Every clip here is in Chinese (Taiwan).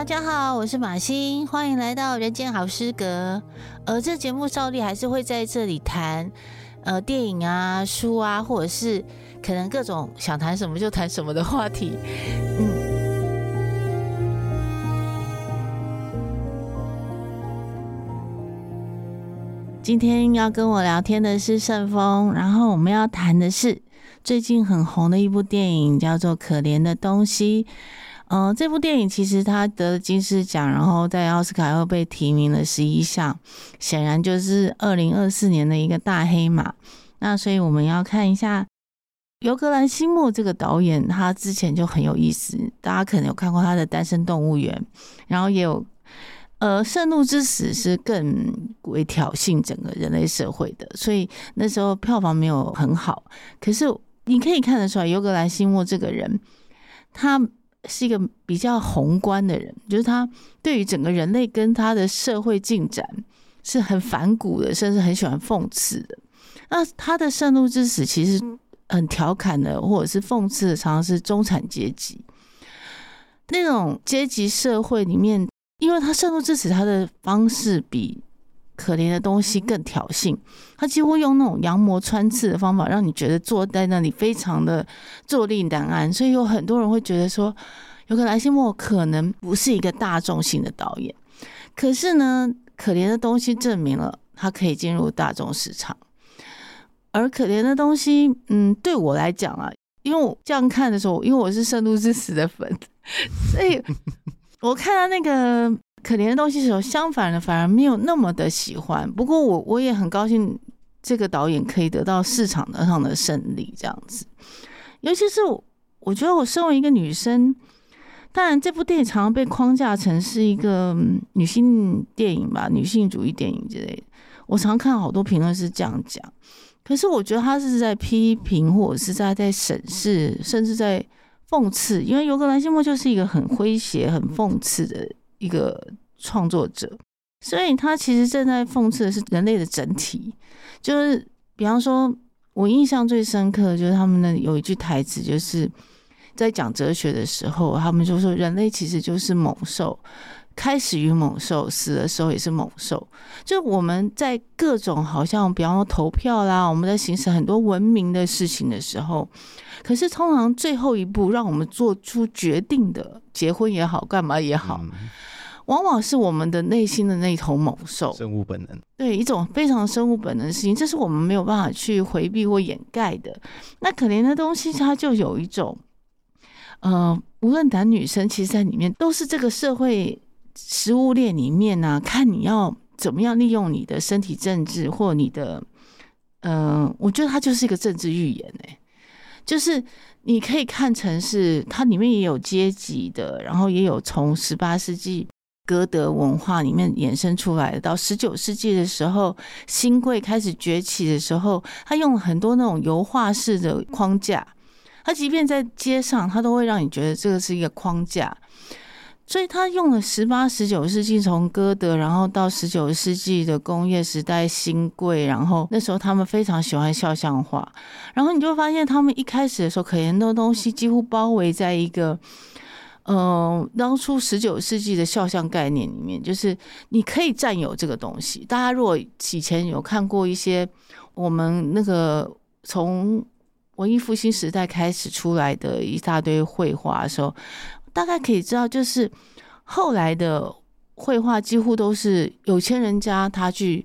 大家好，我是馬欣。歡迎來到人間好失格。而、呃、這節、個、目照例還是會在這裡談，呃，電影啊、書啊，或者是可能各種想談什麼就談什麼的話題。嗯，今天要跟我聊天的是聖峰，然後我們要談的是最近很紅的一部電影，叫做《可憐的東西》。嗯、呃，這部電影其實他得了金獅獎，然後在奧斯卡又被提名了十一項，顯然就是二零二四年的一個大黑馬。那所以我們要看一下尤格蘭西莫這個導演，他之前就很有意思，大家可能有看過他的《單身動物園》，然後也有呃《聖鹿之死》是更為挑釁整個人類社會的，所以那時候票房沒有很好。可是你可以看得出來，尤格蘭西莫這個人，他。是一個比較宏觀的人，就是他對於整個人類跟他的社會進展是很反骨的，甚至很喜歡諷刺的。那他的聖鹿之死其實很調侃的，或者是諷刺的，常常是中產階級那種階級社會裡面，因為他聖鹿之死他的方式比。可憐的東西更挑釁，他幾乎用那種羊膜穿刺的方法，讓你覺得坐在那裡非常的坐立難安，所以有很多人會覺得說，有可能藍西莫可能不是一個大眾性的導演，可是呢，可憐的東西證明了他可以進入大眾市場，而可憐的東西，嗯，對我來講啊，因為我這樣看的時候，因為我是《聖鹿之死》的粉，所以我看到那個。可憐的東西的時候，相反的反而沒有那麼的喜歡。不過我我也很高興，這個導演可以得到市場的上的勝利。這樣子，尤其是我，我覺得我身為一個女生，當然這部電影常常被框架成是一個女性電影吧，女性主義電影之類的。我常看好多評論是這樣講，可是我覺得他是在批評，或者是在在審視，甚至在諷刺。因為尤格蘭西莫就是一個很詼諧、很諷刺的人。一個創作者，所以他其實正在諷刺的是人類的整體。就是比方說，我印象最深刻的就是他們那有一句台詞，就是在講哲學的時候，他們就說人類其實就是猛獸，開始於猛獸，死的時候也是猛獸。就我們在各種好像比方說投票啦，我們在行使很多文明的事情的時候，可是通常最後一步讓我們做出決定的。結婚也好，幹嘛也好，往往是我們的內心的那一頭猛獸，生物本能。對，一種非常生物本能的事情，這是我們沒有辦法去迴避或掩蓋的。那可憐的東西，它就有一種，呃，無論男女生，其實在裡面都是這個社會食物鏈裡面呢、啊，看你要怎麼樣利用你的身體、政治或你的，嗯、呃，我覺得它就是一個政治預言、欸，哎，就是。你可以看成是它裡面也有階級的，然後也有從十八世紀歌德文化裡面衍生出來的，到十九世紀的時候，新貴開始崛起的時候，他用了很多那種油畫式的框架，他即便在街上，他都會讓你覺得這個是一個框架。所以他用了十八、十九世紀，從歌德，然後到十九世紀的工業時代新貴，然後那時候他們非常喜歡肖像畫，然後你就會發現他們一開始的時候，可憐的東西幾乎包圍在一個，嗯，當初十九世紀的肖像概念裡面，就是你可以占有這個東西。大家如果以前有看過一些我們那個從文藝復興時代開始出來的一大堆繪畫的時候。大概可以知道，就是後來的繪畫幾乎都是有錢人家他去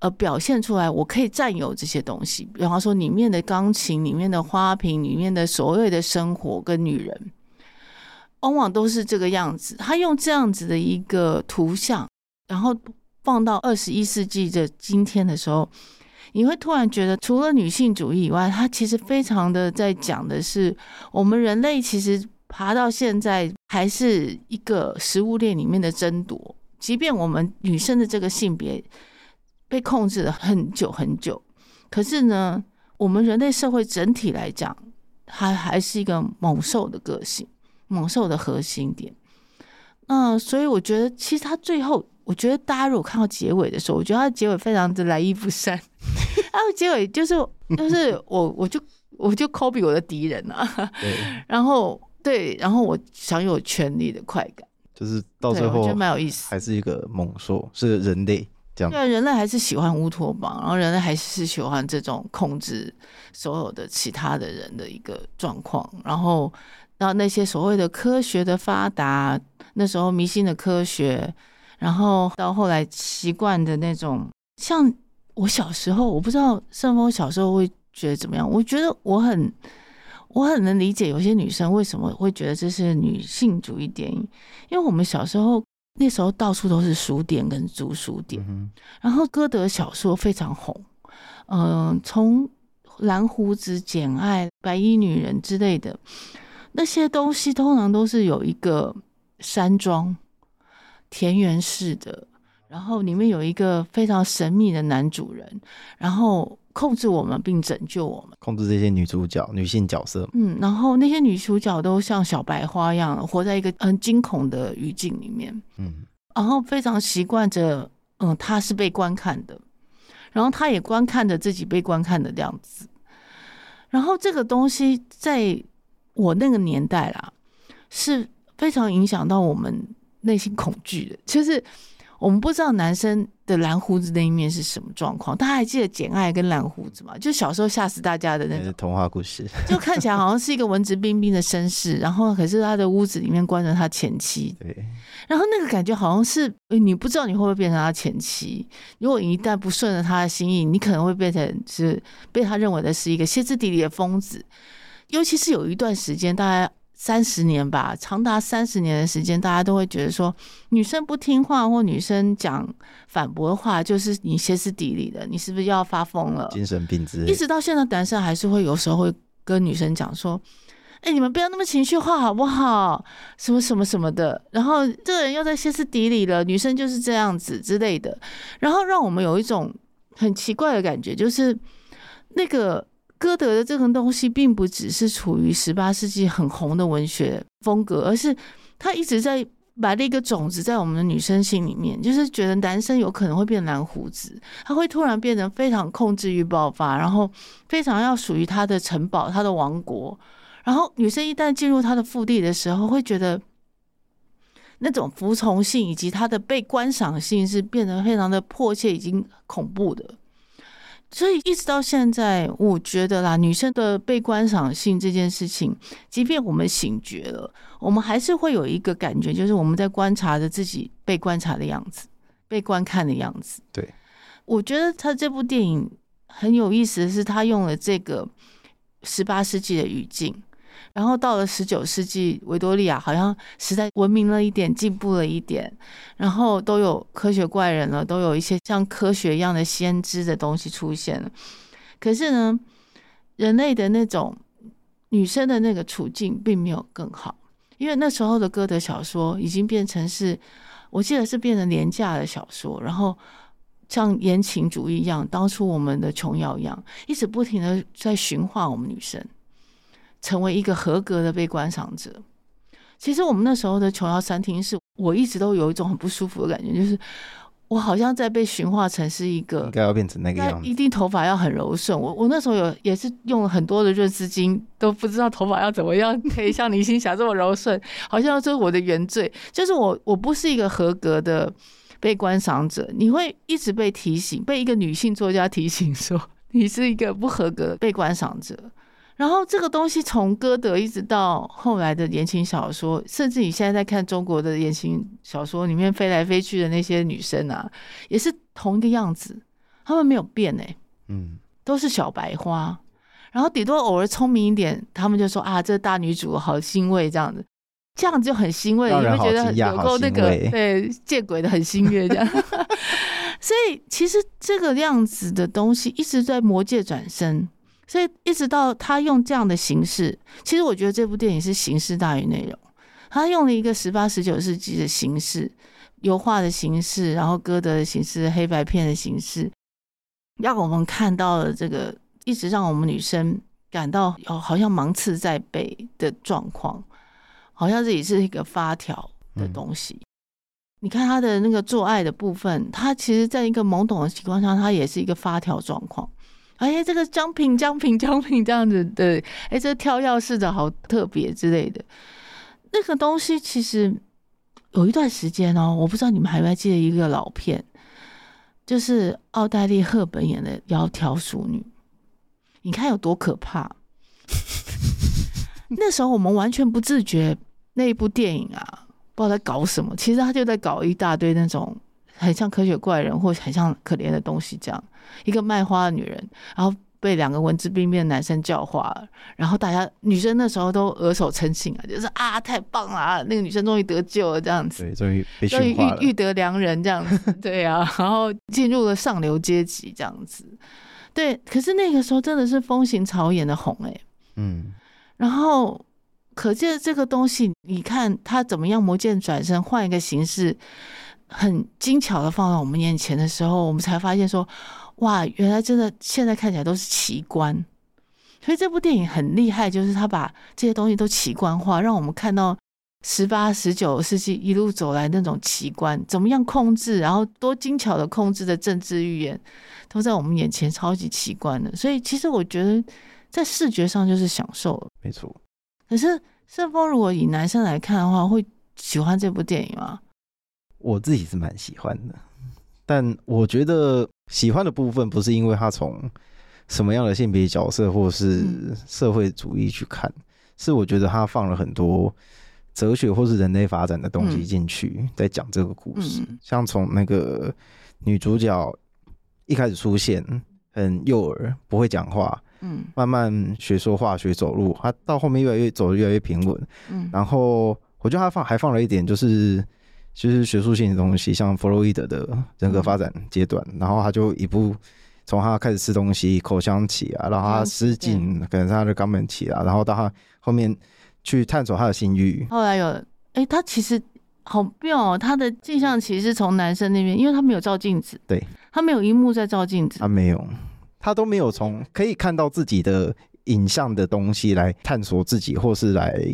呃表現出來，我可以占有這些東西。比方說裡面的鋼琴、裡面的花瓶、裡面的所謂的生活跟女人，往往都是這個樣子。他用這樣子的一個圖像，然後放到二十一世紀的今天的時候，你會突然覺得，除了女性主義以外，他其實非常的在講的是我們人類其實，爬到現在還是一個食物鏈裡面的爭奪，即便我們女生的這個性別被控制了很久很久，可是呢，我們人類社會整體來講，還還是一個猛獸的個性，猛獸的核心點。嗯、呃，所以我覺得其實他最後，我覺得大家如果看到結尾的時候，我覺得他結尾非常的來意不善。 啊，結尾就是就是我 我就我就 copy 我的敵人了，啊，對然後。對，然後我享有權力的快感，就是到最後對，我覺得蠻有意思，還是一個猛獸，是個人類這樣。對啊，人類還是喜歡烏托邦，然後人類還是喜歡這種控制所有的其他的人的一個狀況，然後到那些所謂的科學的發達，那時候迷信的科學，然後到後來習慣的那種，像我小時候，我不知道聖峰小時候會覺得怎麼樣，我覺得我很。我很能理解有些女生為什麼會覺得這是女性主義電影，因為我們小時候那時候到處都是書店跟租書店，嗯、哼然後歌德小說非常紅，嗯、呃，從《藍鬍子》《簡愛》《白衣女人》之類的那些東西，通常都是有一個山莊，田園式的，然後裡面有一個非常神秘的男主人，然後。控制我們並拯救我們，控制這些女主角女性角色。嗯，然後那些女主角都像小白花一樣，活在一個很驚恐的語境裡面。嗯，然後非常習慣着，嗯，她是被觀看的，然後她也觀看着自己被觀看的這樣子。然後這個東西在我那個年代啦，是非常影響到我們內心恐懼的。其實。我們不知道男生的藍鬍子那一面是什麼狀況。大家還記得《簡愛》跟藍鬍子嗎？就小時候嚇死大家的那個童話故事，就看起來好像是一個文質彬彬的紳士， 然後可是他的屋子裡面關着他前妻。對。然後那個感覺好像是，誒，你不知道你會不會變成他前妻。如果一旦不順着他的心意，你可能會變成是被他認為的是一個歇斯底里的瘋子。尤其是有一段時間，大家……三十年吧，長達三十年的時間，大家都會覺得說，女生不聽話或女生講反駁的話，就是你歇斯底里的，你是不是又要發瘋了？精神病質一直到現在，男生還是會有時候會跟女生講說：“哎、欸，你們不要那麼情緒化好不好？什麼什麼什麼的，然後這個人又在歇斯底里了，女生就是這樣子之類的，然後讓我們有一種很奇怪的感覺，就是那個。”歌德的這個東西，並不只是處於十八世紀很紅的文學風格，而是他一直在埋了一個種子在我們的女生心裡面，就是覺得男生有可能會變藍鬍子，他會突然變得非常控制慾爆發，然後非常要屬於他的城堡、他的王國。然後女生一旦進入他的腹地的時候，會覺得那種服從性以及他的被觀賞性是變得非常的迫切，已經恐怖的。所以一直到現在，我覺得啦，女生的被觀賞性這件事情，即便我們醒覺了，我們還是會有一個感覺，就是我們在觀察着自己被觀察的樣子，被觀看的樣子。對，我覺得他這部電影很有意思的是，他用了這個十八世紀的語境。然後到了十九世紀維多利亞好像時代文明了一點進步了一點，然後都有科學怪人了，都有一些像科學一樣的先知的東西出現了。可是呢，人類的那種女生的那個處境並沒有更好，因為那時候的歌德小說已經變成是，我記得是變成廉價的小說，然後像言情主義一樣，當初我們的瓊瑤一樣，一直不停的在馴化我們女生，成為一個合格的被觀賞者。其實我們那時候的瓊瑤三廳，是我一直都有一種很不舒服的感覺，就是我好像在被馴化成是一個，應該要變成那個樣，一定頭髮要很柔順。我我那時候有也是用了很多的潤絲精，都不知道頭髮要怎麼樣可以 像林青霞這麼柔順，好像這是我的原罪，就是我我不是一個合格的被觀賞者。你會一直被提醒，被一個女性作家提醒說，你是一個不合格的被觀賞者。然後這個東西從歌德一直到後來的言情小說，甚至你現在在看中國的言情小說裡面飛來飛去的那些女生啊，也是同一個樣子，她們沒有變呢、欸，嗯，都是小白花，然後頂多偶爾聰明一點，他們就說啊，這大女主好欣慰這樣子，這樣子就很欣慰，你們覺得很有夠那個對，見鬼的很欣慰這樣， 所以其實這個樣子的東西一直在魔界轉身。所以一直到他用這樣的形式，其實我覺得這部電影是形式大於內容。他用了一個十八、十九世紀的形式，油畫的形式，然後哥德的形式，黑白片的形式，讓我們看到了這個一直讓我們女生感到哦，好像芒刺在背的狀況，好像這也是一個發條的東西。嗯，你看他的那個做愛的部分，他其實在一個懵懂的情況下，他也是一個發條狀況。哎呀，這個姜平姜平姜平這樣子的，哎，這跳鑰匙的好特別之類的，那個東西其實有一段時間哦，我不知道你們還記不記得一個老片，就是奧黛麗赫本演的《窈窕淑女》，你看有多可怕？ 那時候我們完全不自覺，那一部電影啊，不知道在搞什麼，其實他就在搞一大堆那種很像科學怪人或很像可憐的東西這樣。一個賣花的女人，然後被兩個文質彬彬的男生教化，然後大家女生那時候都額手稱慶啊，就是啊太棒了，啊，那個女生終於得救了，這樣子，對，終於被終於遇遇得良人這樣子，對啊。然後進入了上流階級這樣子，對，可是那個時候真的是風行草偃的紅哎、欸，嗯，然後可見這個東西，你看它怎麼樣魔劍轉身，換一個形式，很精巧的放在我們面前的時候，我們才發現說。哇，原來真的現在看起來都是奇觀，所以這部電影很厲害，就是他把這些東西都奇觀化，讓我們看到十八、十九世紀一路走來那種奇觀，怎麼樣控制，然後多精巧的控制的政治語言，都在我們眼前超級奇觀的。所以其實我覺得在視覺上就是享受，沒錯錯。可是聖峰如果以男生來看的話，會喜歡這部電影嗎？我自己是蠻喜歡的，但我覺得。喜歡的部分不是因為他從什麼樣的性別角色或是社會主義去看，嗯，是我覺得他放了很多哲學或是人類發展的東西進去，嗯，在講這個故事。嗯，像從那個女主角一開始出現，很幼兒，不會講話，嗯，慢慢學說話、學走路，她到後面越來越走越來越平穩。嗯，然後我覺得他放還放了一點，就是。就是學術性的東西，像弗洛伊德的人格發展階段，嗯、然後他就一步從他開始吃東西口腔期啊，然後他失禁，嗯、可能是他的肛門期啊，然後到他後面去探索他的性慾。後來有，哎、欸，他其實好妙哦，他的鏡像其實是從男生那邊，因為他沒有照鏡子，對，他沒有一幕在照鏡子，他沒有，他都沒有從可以看到自己的影像的東西來探索自己或是來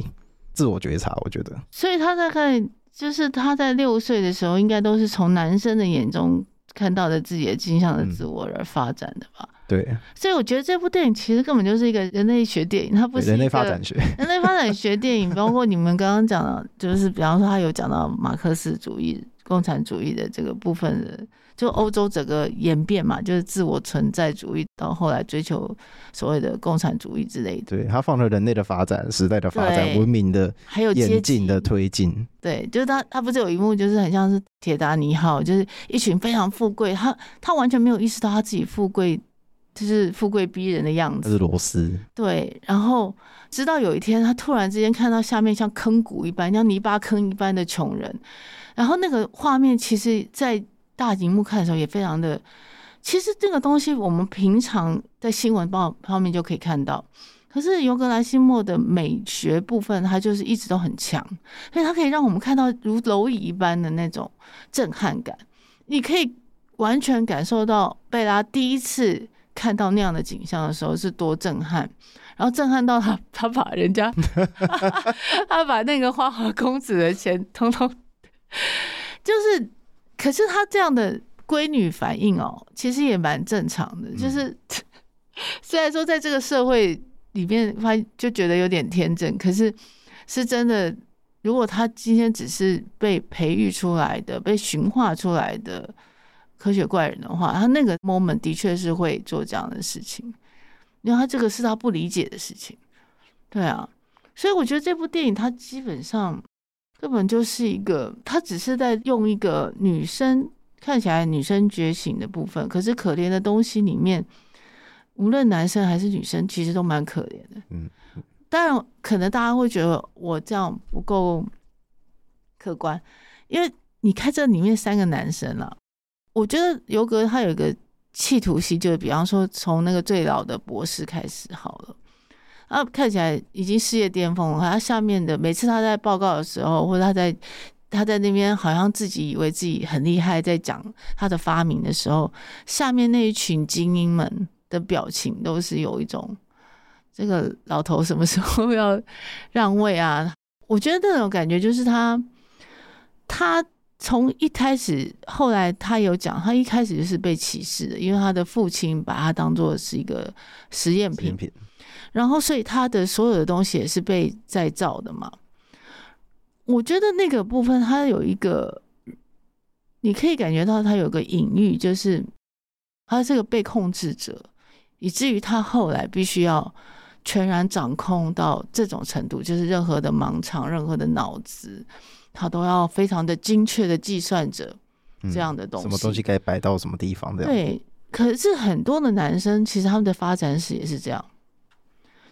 自我覺察，我覺得。所以他大概就是他在六歲的時候，應該都是從男生的眼中看到的自己的鏡像的自我而發展的吧？嗯、對。所以我覺得這部電影其實根本就是一個人類學電影，它不是人類發展學， 人類發展學電影，包括你們剛剛講的，就是比方說他有講到馬克思主義、共產主義的這個部分的。就歐洲整個演變嘛，就是自我存在主義到後來追求所謂的共產主義之類的。對，他放了人類的發展、時代的發展、對文明的還有階級的推進。對，就是他，他不是有一幕，就是很像是鐵達尼號，就是一群非常富貴，他他完全沒有意識到他自己富貴，就是富貴逼人的樣子。這是羅斯。對，然後直到有一天，他突然之間看到下面像坑谷一般，像泥巴坑一般的窮人，然後那個畫面其實，在大螢幕看的時候也非常的，其實這個東西我們平常在新聞報方面就可以看到。可是尤格藍西莫的美學部分，它就是一直都很強，所以它可以讓我們看到如螻蟻一般的那種震撼感。你可以完全感受到貝拉第一次看到那樣的景象的時候是多震撼，然後震撼到他，他把人家， 他把那個花花公子的錢通通， 就是。可是他這樣的閨女反應哦，其實也蠻正常的。嗯、就是雖然說在這個社會裡面，他就覺得有點天真。可是是真的，如果他今天只是被培育出來的、被馴化出來的科學怪人的話，他那個 moment 的確是會做這樣的事情。因為他這個是他不理解的事情，對啊。所以我覺得這部電影它基本上。根本就是一個，他只是在用一個女生看起來女生覺醒的部分，可是可憐的東西裡面，無論男生還是女生，其實都蠻可憐的。嗯，當然，可能大家會覺得我這樣不夠客觀，因為你看這裡面三個男生了、啊，我覺得尤格他有一個企圖心，就比方說從那個最老的博士開始好了。啊，看起來已經事業巔峰了。他、啊、下面的每次他在報告的時候，或者他在他在那邊，好像自己以為自己很厲害，在講他的發明的時候，下面那一群精英們的表情都是有一種這個老頭什麼時候要讓位啊？我覺得那種感覺就是他，他從一開始，後來他有講，他一開始就是被歧視的，因為他的父親把他當做是一個實驗品。然後，所以他的所有的東西也是被再造的嘛。我覺得那個部分，他有一個，你可以感覺到他有個隱喻，就是他這個被控制者，以至於他後來必須要全然掌控到這種程度，就是任何的盲腸、任何的腦子，他都要非常的精確的計算着這樣的東西，嗯，什麼東西該擺到什麼地方這樣。對，可是很多的男生其實他們的發展史也是這樣。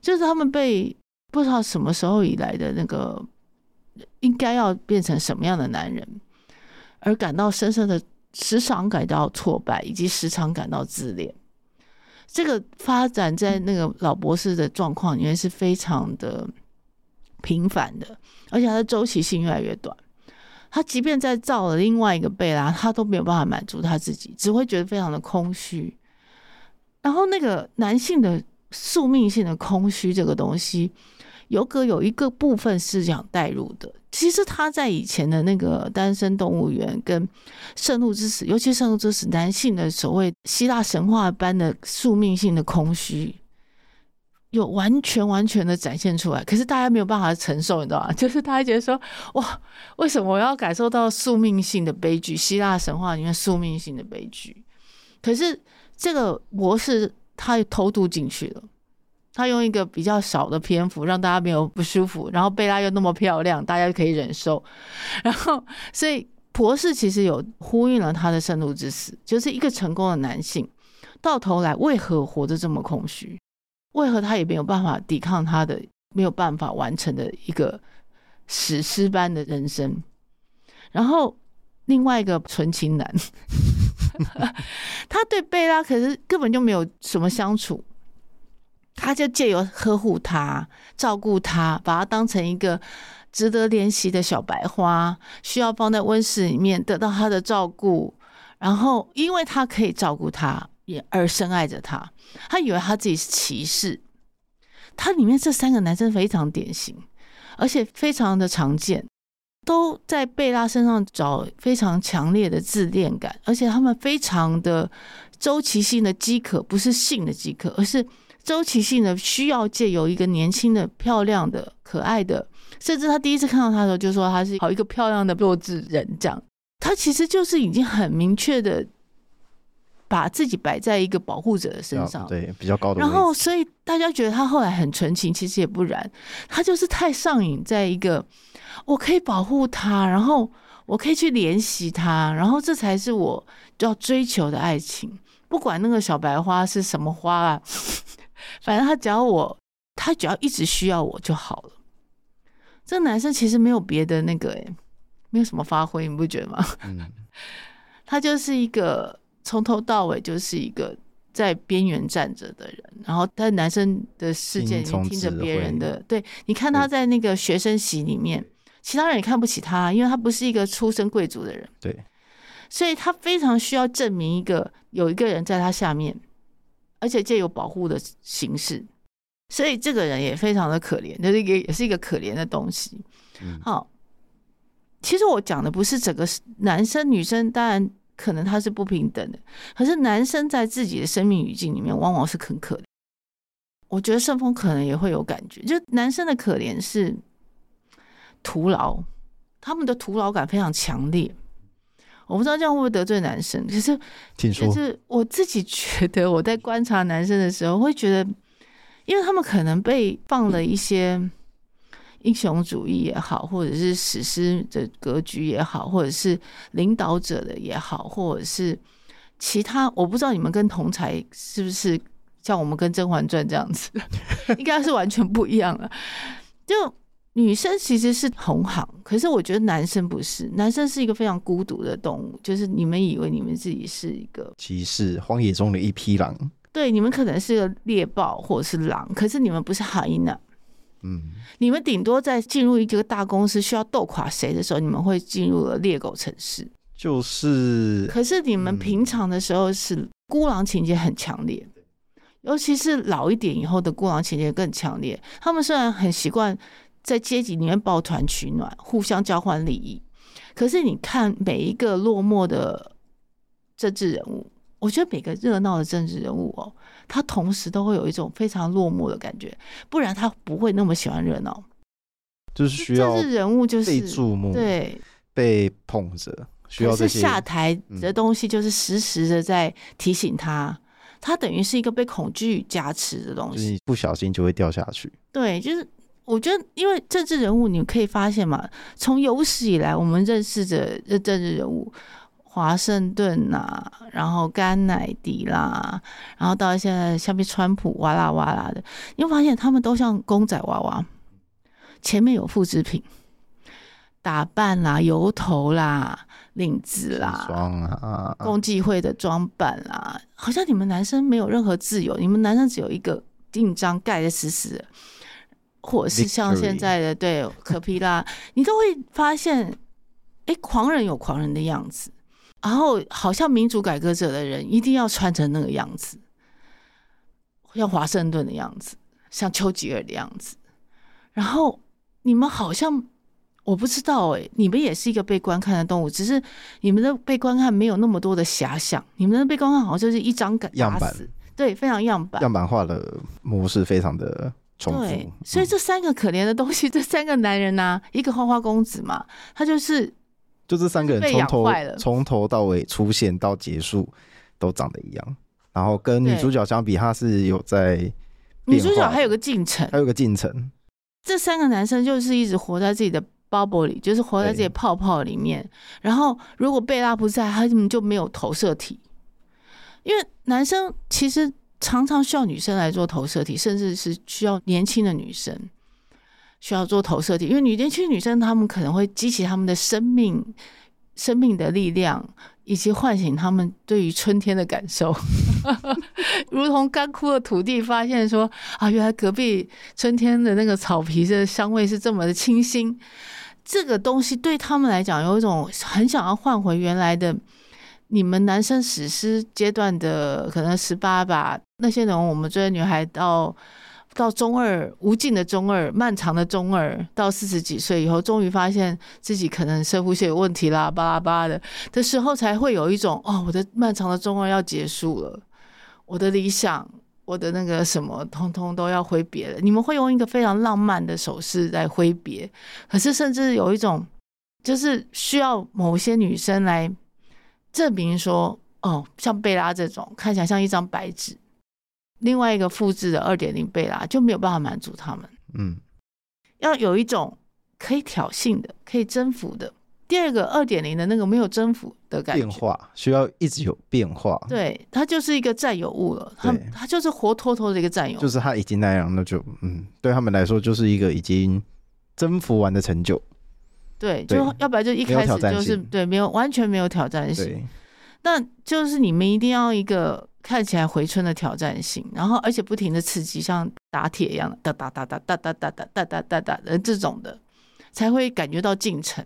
就是他們被不知道什麼時候以來的那個應該要變成什麼樣的男人，而感到深深的時常感到挫敗，以及時常感到自戀。這個發展在那個老博士的狀況裡面是非常的頻繁的，而且他的周期性越來越短。他即便再造了另外一個貝拉，他都沒有辦法滿足他自己，只會覺得非常的空虛。然後那個男性的。宿命性的空虛這個東西，尤格有一個部分是想帶入的。其實他在以前的那個《單身動物園》跟《聖鹿之死》，尤其《聖鹿之死》，男性的所謂希臘神話般的宿命性的空虛，有完全完全的展現出來。可是大家沒有辦法承受，你知道嗎？就是大家覺得說：“哇，為什麼我要感受到宿命性的悲劇？希臘神話裡面宿命性的悲劇。”可是這個模式。他偷渡進去了，他用一個比較少的篇幅讓大家沒有不舒服，然後貝拉又那麼漂亮，大家可以忍受。然後，所以博士其實有呼應了他的聖鹿之死，就是一個成功的男性，到頭來為何活得這麼空虛？為何他也沒有辦法抵抗他的，沒有辦法完成的一個史詩般的人生？然後。另外一個純情男， 他對貝拉可是根本就沒有什麼相處，他就借由呵護他、照顧他，把他當成一個值得憐惜的小白花，需要放在溫室裡面得到他的照顧。然後，因為他可以照顧他，也而深愛着他，他以為他自己是騎士。他裡面這三個男生非常典型，而且非常的常見。都在貝拉身上找非常強烈的自戀感，而且他們非常的周期性的飢渴，不是性的飢渴，而是周期性的需要借由一個年輕的、漂亮的、可愛的。甚至他第一次看到他的時候，就說他是好一個漂亮的弱智人這樣，他其實就是已經很明確的把自己擺在一個保護者的身上，對比較高的。然後，所以大家覺得他後來很純情，其實也不然，他就是太上癮在一個。我可以保護他，然後我可以去聯繫他，然後這才是我就要追求的愛情。不管那個小白花是什麼花啊， 反正他只要我，他只要一直需要我就好了。這男生其實沒有別的那個、欸，沒有什麼發揮，你不覺得嗎？ 他就是一個從頭到尾就是一個在邊緣站着的人，然後他男生的世界你聽着別人的，對，你看他在那個學生席裡面。其他人也看不起他，因為他不是一個出身貴族的人。對，所以他非常需要證明一個有一個人在他下面，而且藉由保護的形式。所以這個人也非常的可憐，這、就是、個也是一個可憐的東西。嗯、好，其實我講的不是整個男生女生，當然可能他是不平等的，可是男生在自己的生命語境裡面，往往是很可憐。我覺得聖峰可能也會有感覺，就男生的可憐是。徒勞，他們的徒勞感非常強烈。我不知道這樣會不會得罪男生，其實，說就是我自己覺得我在觀察男生的時候，會覺得，因為他們可能被放了一些英雄主義也好，或者是史詩的格局也好，或者是領導者的也好，或者是其他。我不知道你們跟同儕是不是像我們跟《甄嬛傳》這樣子， 應該是完全不一樣了。就。女生其實是同行，可是我覺得男生不是。男生是一個非常孤獨的動物，就是你們以為你們自己是一個騎士，其實荒野中的一匹狼。對，你們可能是個獵豹或者是狼，可是你們不是海娜。嗯，你們頂多在進入一個大公司需要鬥垮誰的時候，你們會進入了獵狗城市。就是，可是你們平常的時候是孤狼情節很強烈，嗯、尤其是老一點以後的孤狼情節更強烈。他們雖然很習慣。在階級裡面抱團取暖，互相交換利益。可是你看每一個落寞的政治人物，我覺得每個熱鬧的政治人物哦、喔，他同時都會有一種非常落寞的感覺，不然他不會那麼喜歡熱鬧。就是需要政治人物就是被注目，對，被捧着。需要可是下台的東西就是時時的在提醒他，嗯、他等於是一個被恐懼加持的東西，就是不小心就會掉下去。對，就是。我覺得，因為政治人物，你可以發現嘛，從有史以來我們認識的政治人物，華盛頓吶、啊，然後甘乃迪啦，然後到現在下面川普哇啦哇啦的，你會發現他們都像公仔娃娃，前面有複製品，打扮啦、啊、油頭啦、啊、領子啦、裝啊、共濟、啊啊、會的裝扮啦、啊，好像你們男生沒有任何自由，你們男生只有一個印章蓋得濕濕的死死。或是像現在的 Literally. 對可皮拉，你都會發現，哎、欸，狂人有狂人的樣子，然後好像民主改革者的人一定要穿成那個樣子，像華盛頓的樣子，像丘吉爾的樣子，然後你們好像我不知道哎、欸，你們也是一個被觀看的動物，只是你們的被觀看沒有那麼多的遐想，你們的被觀看好像就是一張個樣板，對，非常樣板，樣板化的模式非常的。對，所以這三個可憐的東西，嗯、這三個男人呢、啊，一個花花公子嘛，他就是，就這三個人從頭從頭到尾出現到結束都長得一樣，對然後跟女主角相比，他是有在，女主角還有個進程，還有個進程，這三個男生就是一直活在自己的 bubble 裡，就是活在自己的泡泡裡面，對然後如果貝拉不在，他就沒有投射體，因為男生其實。常常需要女生來做投射體，甚至是需要年輕的女生需要做投射體，因為女年輕女生她們可能會激起他們的生命、生命的力量，以及喚醒他們對於春天的感受， 如同乾枯的土地發現說啊，原來隔壁春天的那個草皮的香味是這麼的清新，這個東西對他們來講有一種很想要換回原來的你們男生史詩階段的可能十八吧。那些人，我們這些女孩到到中二，無盡的中二，漫長的中二，到四十幾歲以後，終於發現自己可能深呼吸有問題啦，巴拉巴拉的的時候，才會有一種哦，我的漫長的中二要結束了，我的理想，我的那個什麼，通通都要揮別了。你們會用一個非常浪漫的手勢來揮別，可是甚至有一種，就是需要某些女生來證明說，哦，像貝拉這種，看起來像一張白紙。另外一個複製的二點零貝拉，就沒有辦法滿足他們。嗯，要有一種可以挑釁的、可以征服的。第二個二點零的那個沒有征服的感覺，變化需要一直有變化。對，他就是一個占有物了。他他對就是活脫脫的一個占有。就是他已經那樣，那就嗯，對他們來說就是一個已經征服完的成就。對，就要不然就一開始就是對，沒有完全沒有挑戰性。對那就是你們一定要一個。看起來回春的挑戰性，然後而且不停的刺激，像打鐵一樣的噠噠噠噠噠噠噠噠噠噠噠噠的這種的，才會感覺到進程。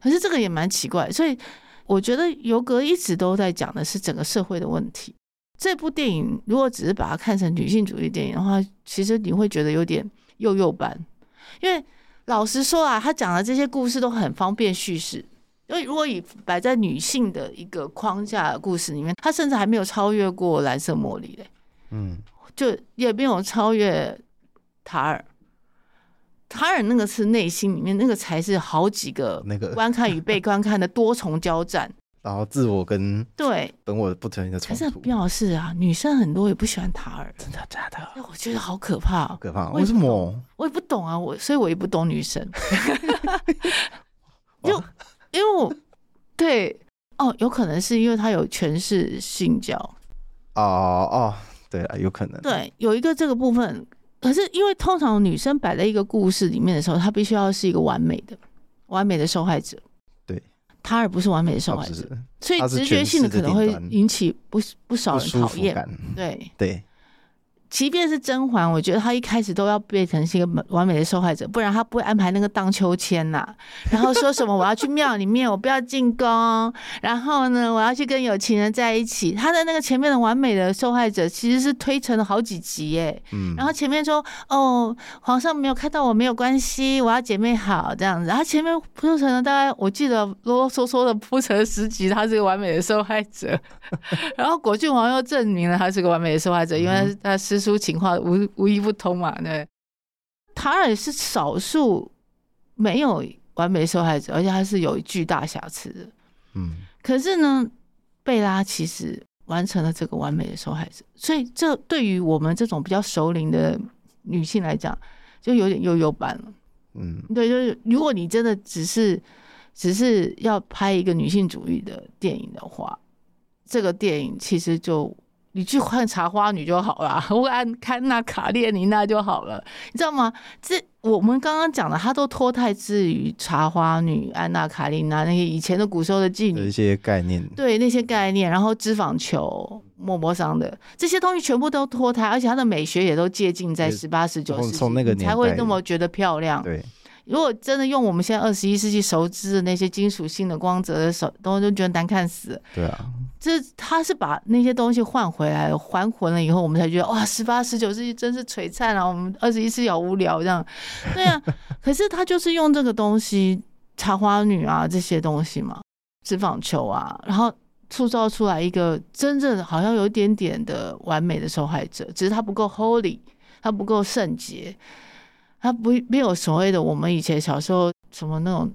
可是這個也蠻奇怪，所以我覺得尤格一直都在講的是整個社會的問題。這部電影如果只是把它看成女性主義電影的話，其實你會覺得有點幼幼班，因為老實說啊，他講的這些故事都很方便敘事。所以，如果以擺在女性的一個框架的故事裡面，她甚至還沒有超越過《藍色茉莉》欸嘞，嗯，就也沒有超越塔爾，塔爾那個是內心裡面那個才是好幾個那個觀看與被觀看的多重交戰，那個笑然後自我跟對本我不同的衝突，但是表示啊，女生很多也不喜歡塔爾，真的假的？我覺得好可怕啊，可怕！為什麼？我也不懂啊，我所以，我也不懂女生， 就。因為我，對，哦，有可能是因為他有詮釋性交，哦、呃、哦，對，有可能，對，有一個這個部分，可是因為通常女生擺在一個故事裡面的時候，她必須要是一個完美的、完美的受害者，對，他而不是完美的受害者，所以直覺性的可能會引起不不少人討厭，對對。對即便是甄嬛，我覺得她一開始都要變成一個完美的受害者，不然她不會安排那個盪秋千吶、啊，然後說什麼 我要去廟裡面，我不要進宮，然後呢，我要去跟有情人在一起。她的那個前面的完美的受害者其實是鋪陳了好幾集誒、欸，嗯，然後前面說哦皇上沒有看到我沒有關係，我要姐妹好這樣子，然後前面鋪陳了大概我記得囉囉嗦嗦嗦的鋪陳十集，她是個完美的受害者， 然後果郡王又證明了他是個完美的受害者，嗯、因為他是。特情況無無一不通嘛？對，塔爾是少數沒有完美受害者，而且他是有巨大瑕疵的。嗯，可是呢，貝拉其實完成了這個完美的受害者，所以這對於我們這種比較熟齡的女性來講，就有點悠悠版了。嗯，對，就是如果你真的只是只是要拍一個女性主義的電影的話，這個電影其實就。你去看《茶花女》就好了，我看《安娜卡列尼娜》就好了，你知道嗎？這我們剛剛講的，她都脫胎自於《茶花女》《安娜卡列尼娜》那些以前的古時候的妓女，有一些概念，對那些概念，然後《脂肪球》莫莫《莫泊桑》的這些東西全部都脫胎，而且她的美學也都接近在十八、十九世紀，從那個年代才會那麼覺得漂亮。對。如果真的用我們現在二十一世紀熟知的那些金屬性的光澤的手，都都覺得難看死。對啊，這是他是把那些東西換回來還魂了以後，我們才覺得哇，十八十九世紀真是璀璨啊！我們二十一世紀好無聊這樣，對啊。 可是他就是用這個東西，茶花女啊這些東西嘛，脂肪球啊，然後塑造出來一個真正好像有一點點的完美的受害者，只是他不夠 holy，他不夠聖潔。他不，沒有所謂的我們以前小時候什麼那種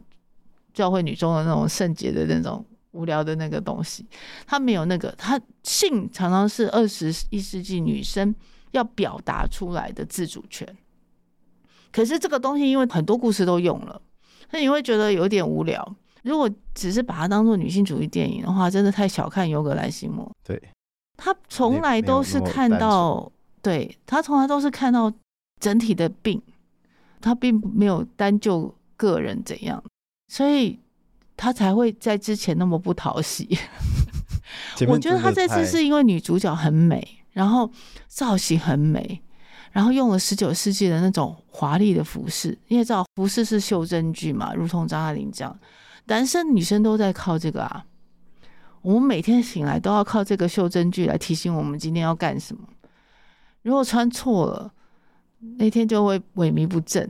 教會女中的那種聖潔的那種無聊的那個東西，他沒有那個，他性常常是二十一世紀女生要表達出來的自主權。可是這個東西因為很多故事都用了，那你會覺得有點無聊。如果只是把它當做女性主義電影的話，真的太小看尤格藍西莫。對，他從來都是看到，對，他從來都是看到整體的病。他並沒有單就個人怎樣，所以他才會在之前那麼不討喜。 我覺得他這次是因為女主角很美，然後造型很美，然後用了十九世紀的那種華麗的服飾，因為這服飾是袖珍劇嘛，如同張愛玲講，男生女生都在靠這個啊。我們每天醒來都要靠這個袖珍劇來提醒我們今天要幹什麼，如果穿錯了。那天就會萎靡不振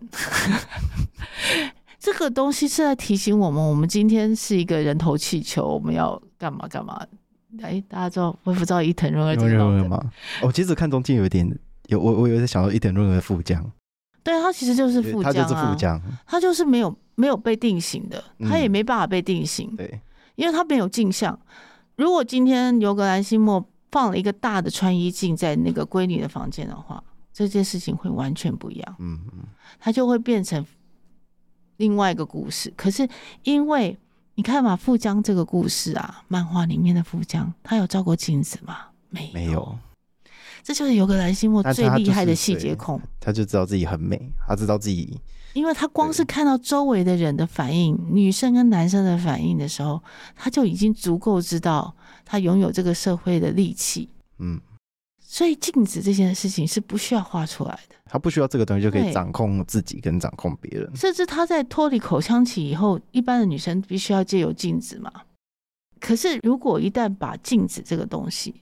這個東西是在提醒我們，我們今天是一個人頭氣球，我們要幹嘛幹嘛？哎、欸，大家知道，我也不知道伊藤潤二在幹嘛。我、哦、其實看中間有一點，有我，我有點想到伊藤潤二富江。對，他其實就是富江啊，他就，他就是沒有沒有被定型的，他也沒辦法被定型，嗯、對，因為他沒有鏡像。如果今天尤格蘭西莫放了一個大的穿衣鏡在那個閨女的房間的話，這件事情會完全不一樣，嗯嗯哼，它就會變成另外一個故事。可是因為你看嘛，富江這個故事啊，漫畫裡面的富江，他有照過鏡子嗎？沒有，沒有。這就是有個蘭心墨最厲害的細節控，他，他就知道自己很美，他知道自己，因為他光是看到周圍的人的反應，對女生跟男生的反應的時候，他就已經足夠知道他擁有這個社會的利器，嗯。所以鏡子這件事情是不需要畫出來的，他不需要這個東西就可以掌控自己跟掌控別人，甚至他在脫離口腔期以後，一般的女生必須要借由鏡子嘛。可是如果一旦把鏡子這個東西，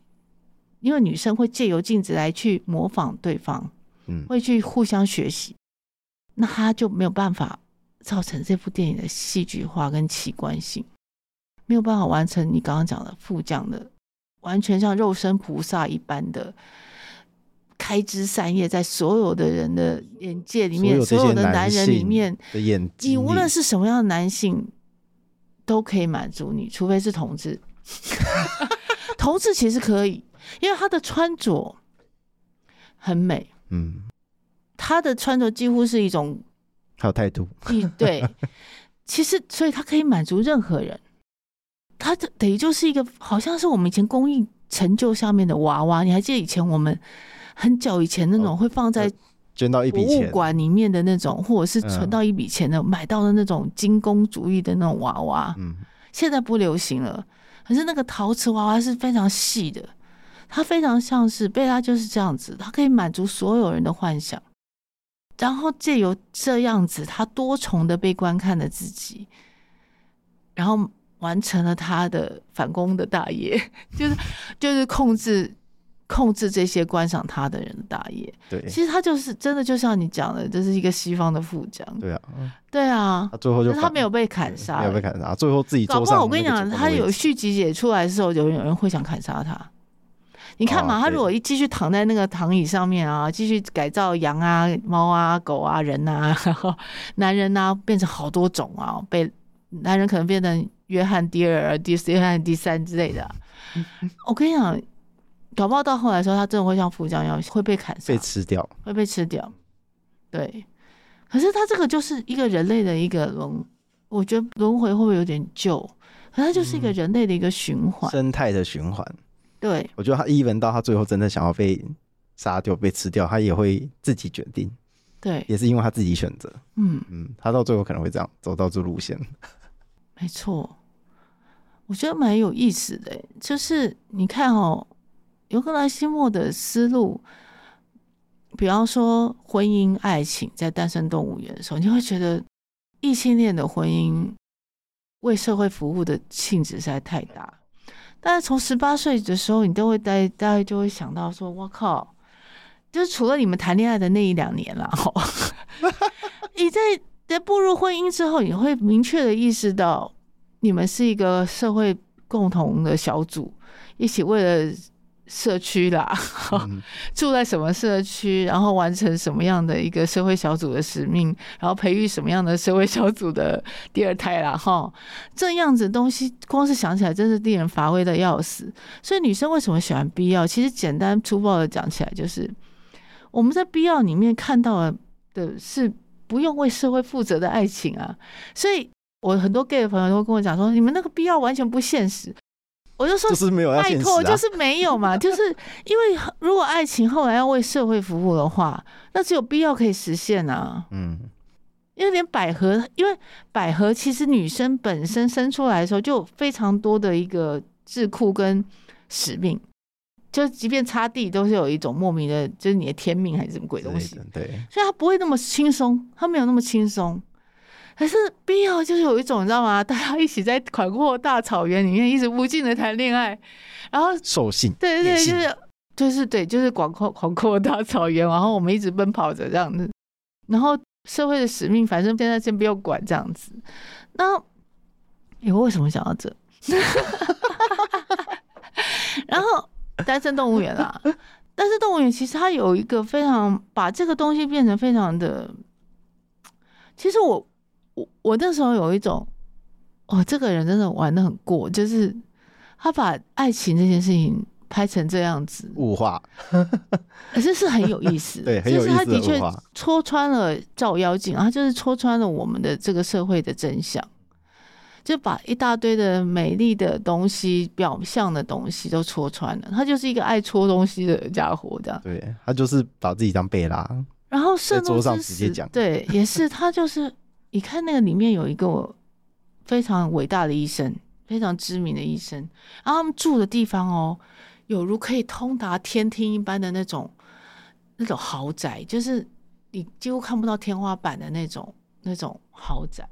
因為女生會借由鏡子來去模仿對方，嗯，會去互相學習，那他就沒有辦法造成這部電影的戲劇化跟奇觀性，沒有辦法完成你剛剛講的副將的。完全像肉身菩薩一般的開枝散葉，在所有的人的眼界裡面，所有，所有的男人裡面的眼睛，你無論是什麼樣的男性都可以滿足你，除非是同志。 同志其實可以，因為他的穿着很美，嗯，他的穿着幾乎是一種好態度。嗯， 對，其實所以他可以滿足任何人。它等於就是一個，好像是我們以前工藝成就上面的娃娃。你還記得以前我們很久以前那種會放在、哦、捐到博物館裡面的那種，或者是存到一筆錢的、嗯、買到的那種精工主義的那種娃娃。嗯、現在不流行了。可是那個陶瓷娃娃是非常細的，它非常像是貝拉就是這樣子，它可以滿足所有人的幻想。然後，借由這樣子，它多重的被觀看的自己，然後。完成了他的反攻的大業， 就是就是控制控制這些觀賞他的人的大業。對，其實他就是真的，就的，就像你講的，這是一個西方的富將。對啊，對啊。他、啊、最後就是他沒有被砍殺，沒有被砍殺，最後自己坐上。搞不好我跟你講，他有續集解出來的時候，有有人會想砍殺他。你看嘛，啊、他如果一繼續躺在那個躺椅上面啊，繼續改造羊啊、貓啊、狗啊、人啊，然 後男人啊變成好多種啊，被男人可能變成。約翰第二、第四、約翰第三之類的、啊， 我跟你講，搞不好到後來的時候，他真的會像福將一樣會被砍死、被吃掉、會被吃掉。對，可是他這個就是一個人類的一個輪迴，我覺得輪迴會不會有點舊？可是他就是一個人類的一個循環、嗯，生態的循環。對，我覺得他一文到他最後真的想要被殺掉、被吃掉，他也會自己決定。對，也是因為他自己選擇。嗯嗯，他到最後可能會這樣走到這路線。沒錯，我覺得蠻有意思的，就是你看哦，喔，尤格藍西莫的思路，比方說婚姻愛情，在《單身動物園》的時候，你會覺得異性戀的婚姻為社會服務的性質實在太大，但是從十八歲的時候，你都會大大概就會想到說，我靠，就是除了你們談戀愛的那一兩年了，吼 你在，在步入婚姻之後，你會明確的意識到，你們是一個社會共同的小組，一起為了社區啦，嗯、 住在什麼社區，然後完成什麼樣的一個社會小組的使命，然後培育什麼樣的社會小組的第二胎啦，哈，這樣子東西光是想起來真是令人乏味的要死。所以女生為什麼喜歡必要？其實簡單粗暴的講起來，就是我們在必要裡面看到的是。不用為社會負責的愛情啊，所以我很多 gay 的朋友都會跟我講說，你們那個必要完全不現實。我就說就是沒有愛情，啊、拜托就是沒有嘛， 就是因為如果愛情後來要為社會服務的話，那只有必要可以實現啊。嗯，因為連百合，因為百合其實女生本身生出來的時候就非常多的一個智庫跟使命。就即便擦地都是有一種莫名的，就是你的天命還是什麼鬼東西，對，對，所以他不會那麼輕鬆，他沒有那麼輕鬆，可是必要，就是有一種你知道嗎？大家一起在廣闊大草原裡面一直無盡的談戀愛，然後獸性，受信對，對對，就是信就是對，就是廣闊廣闊大草原，然後我們一直奔跑着這樣子，然後社會的使命，反正現在先不用管這樣子，那，欸、我為什麼想要這？然後。單身動物園啊，單身動物園其實它有一個非常把這個東西變成非常的。其實我我我那時候有一種，哦，這個人真的玩得很過，就是他把愛情這件事情拍成這樣子，物武化，可 是是很有意思，對，就是他的確霧戳穿了照妖鏡，然後就是戳穿了我們的這個社會的真相。就把一大堆的美麗的東西、表象的東西都戳穿了。他就是一個愛戳東西的家伙，這樣。對，他就是把自己當貝拉。然後聖路桌，桌上直接講，對，也是他就是。 你看那個裡面有一個非常偉大的醫生，非常知名的醫生。然、啊、後他們住的地方哦、喔，有如可以通達天庭一般的那種那種豪宅，就是你幾乎看不到天花板的那種那種豪宅。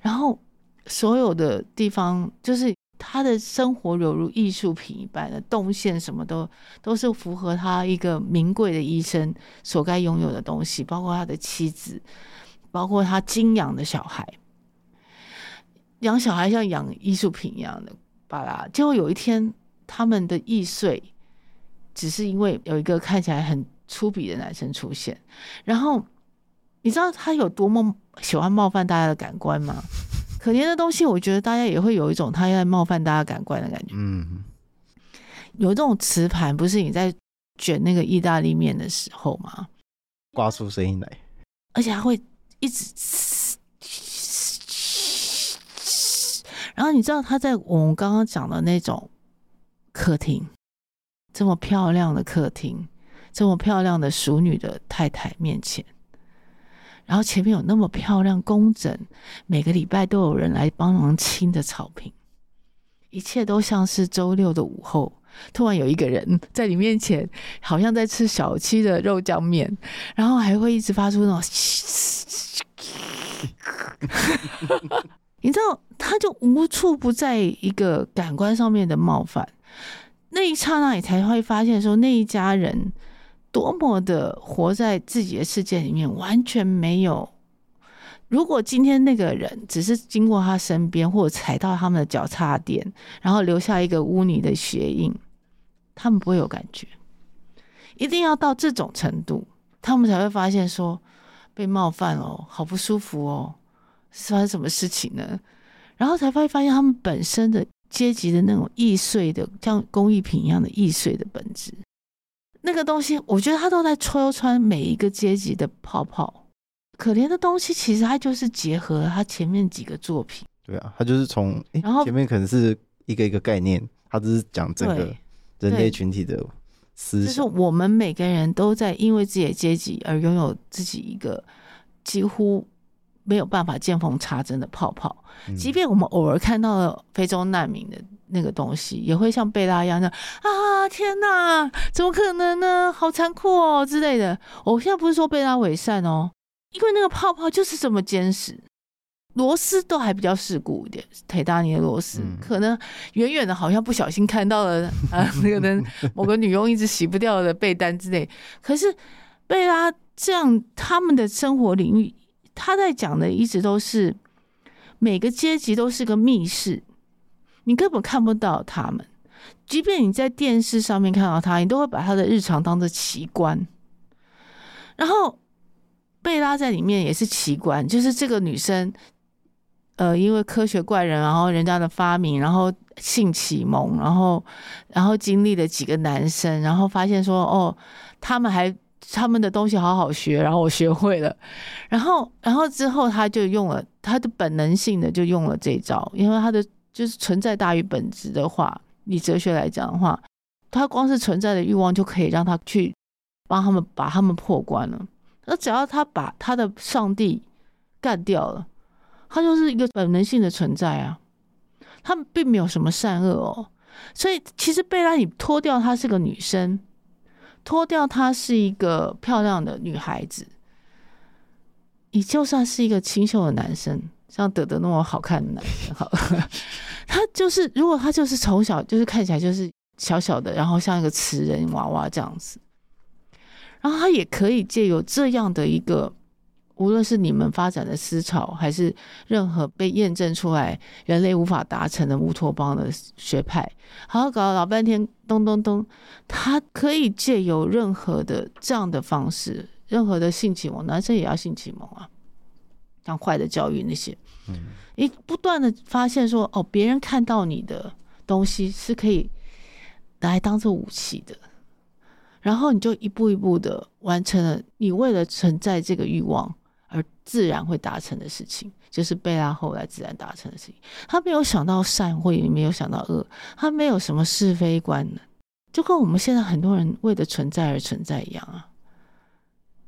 然後。所有的地方，就是他的生活猶如藝術品一般的動線，什麼都都是符合他一個名貴的醫生所該擁有的東西，包括他的妻子，包括他精養的小孩，養小孩像養藝術品一樣的巴拉。結果有一天，他們的易碎，只是因為有一個看起來很粗鄙的男生出現，然後你知道他有多麼喜歡冒犯大家的感官嗎？可憐的東西，我覺得大家也會有一種他要冒犯大家感官的感覺。嗯，有一種瓷盤，不是你在捲那個意大利麵的時候嗎？刮出聲音來，而且還會一直。然後你知道他在我們剛剛講的那種客廳，這麼漂亮的客廳，這麼漂亮的熟女的太太面前。然後前面有那麼漂亮、工整，每個禮拜都有人來幫忙清的草坪，一切都像是周六的午後。突然有一個人在你面前，好像在吃小七的肉醬麵，然後還會一直發出那種噓噓噓噓噓， 你知道，他就無處不在一個感官上面的冒犯。那一剎那，你才會發現說那一家人，多麼的活在自己的世界裡面，完全沒有。如果今天那個人只是經過他身邊，或者踩到他們的腳叉點，然後留下一個污泥的鞋印，他們不會有感覺。一定要到這種程度，他們才會發現說被冒犯哦，好不舒服哦，發生什麼事情呢？然後才會發現他們本身的階級的那種易碎的，像工藝品一樣的易碎的本質。那個東西，我覺得他都在戳穿每一個階級的泡泡。可憐的東西，其實他就是結合了他前面幾個作品。對啊，他就是從、欸、然後前面可能是一個一個概念，他只是講這個人類群體的思想。就是我們每個人都在因為自己的階級而擁有自己一個幾乎沒有辦法見縫插針的泡泡，嗯、即便我們偶爾看到了非洲難民的。那個東西也會像貝拉一樣的啊！天吶，怎麼可能呢？好殘酷哦之類的。我現在不是說貝拉偽善哦，因為那個泡泡就是這麼堅實，螺絲都還比較世故一點。鐵達尼的螺絲可能遠遠的，好像不小心看到了 啊，那個人某個女傭一直洗不掉的被單之類。可是貝拉這樣，他們的生活領域，他在講的一直都是每個階級都是個密室，你根本看不到他們，即便你在電視上面看到他，你都會把他的日常當做奇觀。然後貝拉在裡面也是奇觀，就是這個女生，呃，因為科學怪人，然後人家的發明，然後性啟蒙，然後然後經歷了幾個男生，然後發現說，哦，他們還他們的東西好好學，然後我學會了，然後然後之後他就用了他的本能性的就用了這一招，因為他的。就是存在大於本質的話，以哲學來講的話，他光是存在的慾望就可以讓他去幫他們把他們破關了。而只要他把他的上帝幹掉了，他就是一個本能性的存在啊。他們並沒有什麼善惡哦。所以其實貝拉，你脫掉她是個女生，脫掉她是一個漂亮的女孩子，你就算是一個清秀的男生。像得得那麼好看的男生，好，他就是如果他就是從小就是看起來就是小小的，然後像一個瓷人娃娃這樣子，然後他也可以借由這樣的一個，無論是你們發展的思潮，還是任何被驗證出來人類無法達成的烏托邦的學派，好搞老半天咚咚咚，他可以借由任何的這樣的方式，任何的性啟蒙，男生也要性啟蒙啊。像壞的教育那些，嗯，你不斷的發現說，哦，別人看到你的東西是可以拿來當做武器的，然後你就一步一步的完成了你為了存在這個慾望而自然會達成的事情，就是貝拉後來自然達成的事情。他沒有想到善，或也沒有想到惡，他沒有什麼是非觀呢，就跟我們現在很多人為了存在而存在一樣啊，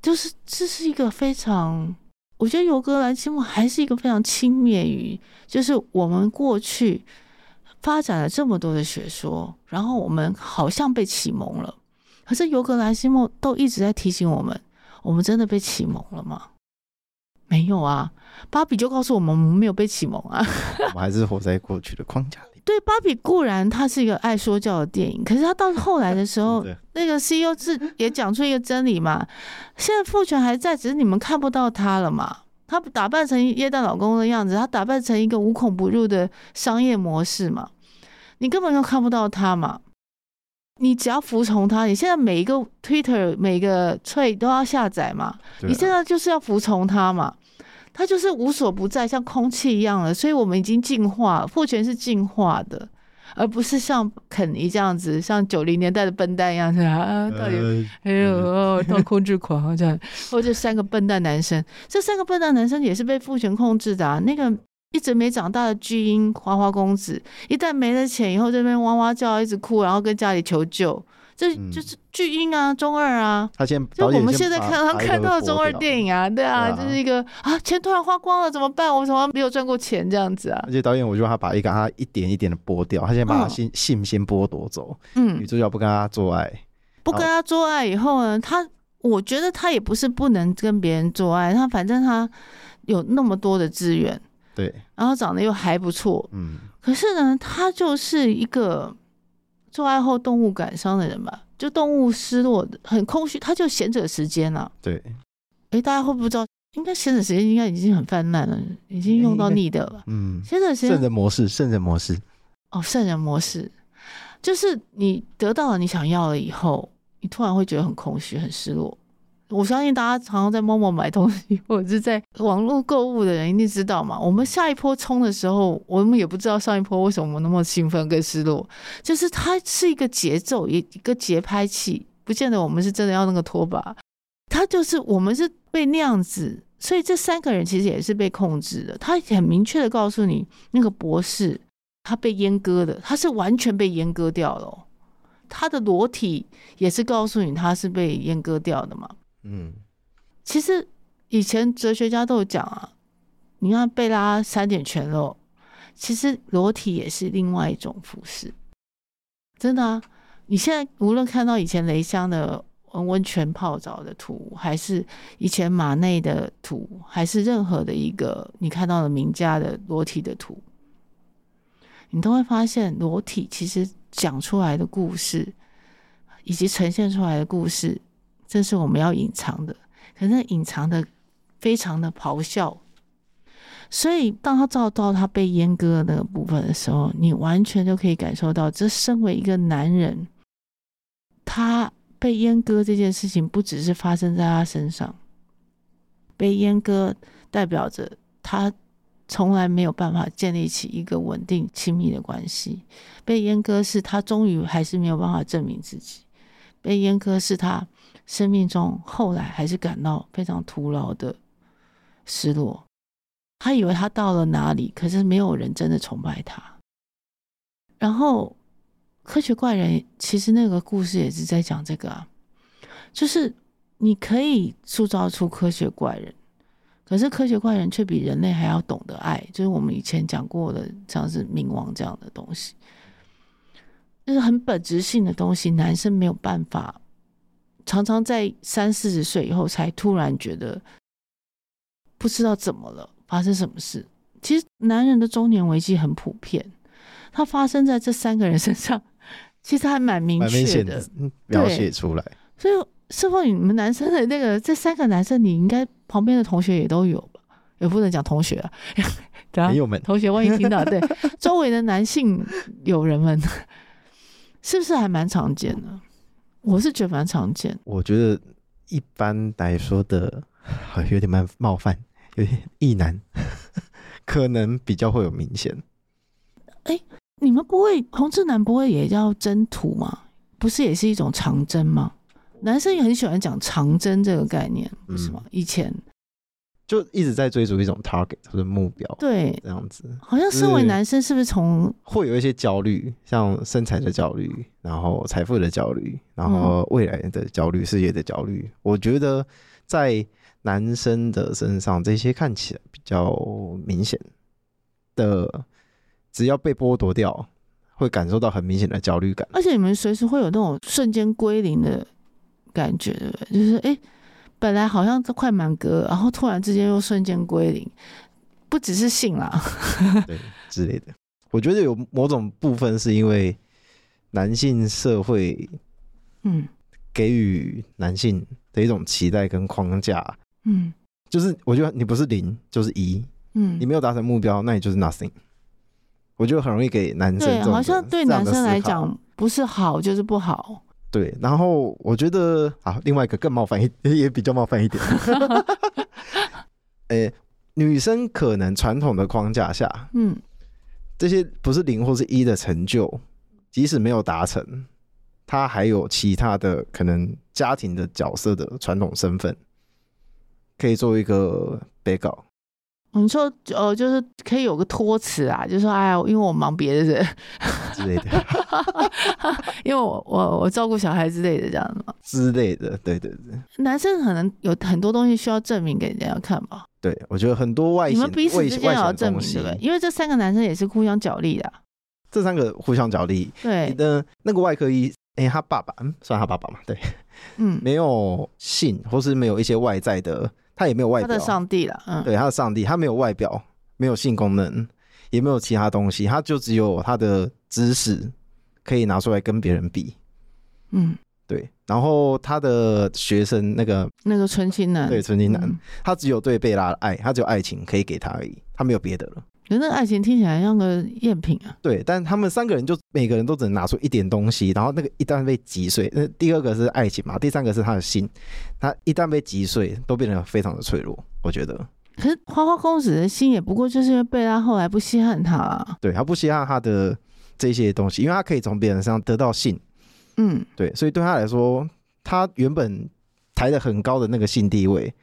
就是這是一個非常。我覺得尤格蘭西莫還是一個非常輕蔑於，就是我們過去發展了這麼多的學說，然後我們好像被啟蒙了，可是尤格蘭西莫都一直在提醒我們，我們真的被啟蒙了嗎？沒有啊，芭比就告訴我們，我們沒有被啟蒙啊。嗯，我們還是活在過去的框架。 對，芭比固然她是一個愛說教的電影，可是她到後來的時候，那個 CEO 是也講出一個真理嘛。現在父權還在，只是你們看不到他了嘛。他打扮成耶誕老公的樣子，他打扮成一個無孔不入的商業模式嘛。你根本就看不到他嘛。你只要服從他，你現在每一個 Twitter、每一個脆都要下載嘛。啊、你現在就是要服從他嘛。他就是無所不在，像空氣一樣了，所以我們已經進化，父權是進化的，而不是像肯尼這樣子，像九零年代的笨蛋一樣，啊，到底、呃、哎呦，當、呃哦、控制狂 這樣，或者三個笨蛋男生，這三個笨蛋男生也是被父權控制的、啊，那個一直沒長大的巨嬰花花公子，一旦沒了錢以後，在那邊哇哇叫，一直哭，然後跟家裡求救。這就是巨嬰啊，中二啊，他先，就我們現在看他看到的中二電影啊，對啊，就是一個啊錢突然花光了怎麼辦？我們從來沒有賺過錢這樣子啊？而且導演我就讓他把一個他一點一點的剝掉，他先把他性、嗯、先剝奪走，嗯，女主角不跟他做愛，不跟他做愛以後呢，他我覺得他也不是不能跟別人做愛，他反正他有那麼多的資源，嗯、對，然後長得又還不錯，嗯，可是呢，他就是一個。做愛後動物感傷的人吧，就動物失落很空虛，他就賢者時間了啊。對，誒、欸、大家會不知道，應該賢者時間應該已經很泛濫了，已經用到膩的了。欸、嗯，賢者時間。聖人模式，聖人模式。哦，聖人模式，就是你得到了你想要的以後，你突然會覺得很空虛，很失落。我相信大家常常在 momo 買東西或者是在網絡購物的人一定知道嘛。我們下一波衝的時候，我們也不知道上一波為什麼那麼興奮跟失落，就是它是一個節奏，一一個節拍器，不見得我們是真的要那個拖把。它就是我們是被那樣子，所以這三個人其實也是被控制的。他很明確的告訴你，那個博士他被閹割的，他是完全被閹割掉了，他的裸體也是告訴你他是被閹割掉的嘛。嗯，其實以前哲學家都有講啊，你看貝拉三點全露，其實裸體也是另外一種服飾，真的啊。你現在無論看到以前雷香的溫泉泡澡的圖，還是以前馬內的圖，還是任何的一個你看到的名家的裸體的圖，你都會發現裸體其實講出來的故事，以及呈現出來的故事。這是我們要隱藏的，可是隱藏的非常的咆哮，所以當他照到他被閹割的那個部分的時候，你完全就可以感受到，這身為一個男人，他被閹割這件事情不只是發生在他身上，被閹割代表着他從來沒有辦法建立起一個穩定親密的關係，被閹割是他終於還是沒有辦法證明自己，被閹割是他。生命中後來還是感到非常徒勞的失落。他以為他到了哪裡，可是沒有人真的崇拜他。然後科學怪人其實那個故事也是在講這個啊，就是你可以塑造出科學怪人，可是科學怪人卻比人類還要懂得愛，就是我們以前講過的，像是冥王這樣的東西，就是很本質性的東西，男生沒有辦法。常常在三四十歲以後才突然覺得不知道怎麼了，發生什麼事。其實男人的中年危機很普遍，它發生在這三個人身上，其實還蠻明確的，描寫對出來。所以，是否你們男生的那個這三個男生，你應該旁邊的同學也都有吧？也不能講同學啊， 下朋友們，同學萬一聽到， 對周圍的男性友人們。是不是還蠻常見的？我是覺得蠻常見，我覺得一般來說的，好像有點蠻冒犯，有點意難，可能比較會有明顯。哎、欸，你們不會洪志男不會也叫征途嗎？不是也是一種長征嗎？男生也很喜歡講長征這個概念，不是嗎？嗯、以前。就一直在追逐一種 target 或者目標，對，這樣子。好像身為男生，是不是從會有一些焦慮，像身材的焦慮，然後財富的焦慮，然後未來的焦慮，事業、嗯、的焦慮。我覺得在男生的身上，這些看起來比較明顯的，只要被剝奪掉，會感受到很明顯的焦慮感。而且你們隨時會有那種瞬間歸零的感覺，對不對？就是，哎。欸本來好像都快滿格，然後突然之間又瞬間歸零，不只是性啦， 對之類的。我覺得有某種部分是因為男性社會，嗯，給予男性的一種期待跟框架，嗯，就是我覺得你不是零就是一，嗯，你沒有達成目標，那你就是 nothing。我覺得很容易給男生，對啊，好像對男生來講，不是好就是不好。對，然後我覺得啊，另外一個更冒犯一也比較冒犯一點、 欸，女生可能傳統的框架下，嗯，這些不是零或是一的成就，即使沒有達成，她還有其他的可能家庭的角色的傳統身份，可以做一個被告。你說，呃，就是可以有個托詞啊，就是說，哎呀，因為我忙別的事之類的， 因為我我我照顧小孩之類的，這樣子嘛，之類的，對對對。男生可能有很多東西需要證明給人家看吧？對，我覺得很多外你們彼此之間也要證明，因為這三個男生也是互相角力的啊。這三個互相角力，對，你的那個外科醫，哎，他爸爸，嗯，算他爸爸嘛，對，嗯，沒有性，或是沒有一些外在的。他也沒有外表，他的上帝了，嗯，對，他的上帝，他沒有外表，沒有性功能，也沒有其他東西，他就只有他的知識可以拿出來跟別人比，嗯，對，然後他的學生那個那個純情男，對純情男，嗯、他只有對貝拉的愛，他只有愛情可以給他而已，他沒有別的了。人那愛情聽起來像個贗品啊！對，但他們三個人就每個人都只能拿出一點東西，然後那個一旦被擊碎，那第二個是愛情嘛，第三個是他的心，他一旦被擊碎，都變得非常的脆弱。我覺得，可是花花公子的心也不過就是因為貝拉後來不稀罕他，啊嗯，對他不稀罕他的這些東西，因為他可以從別人身上得到性，嗯，對，所以對他來說，他原本抬得很高的那個性地位，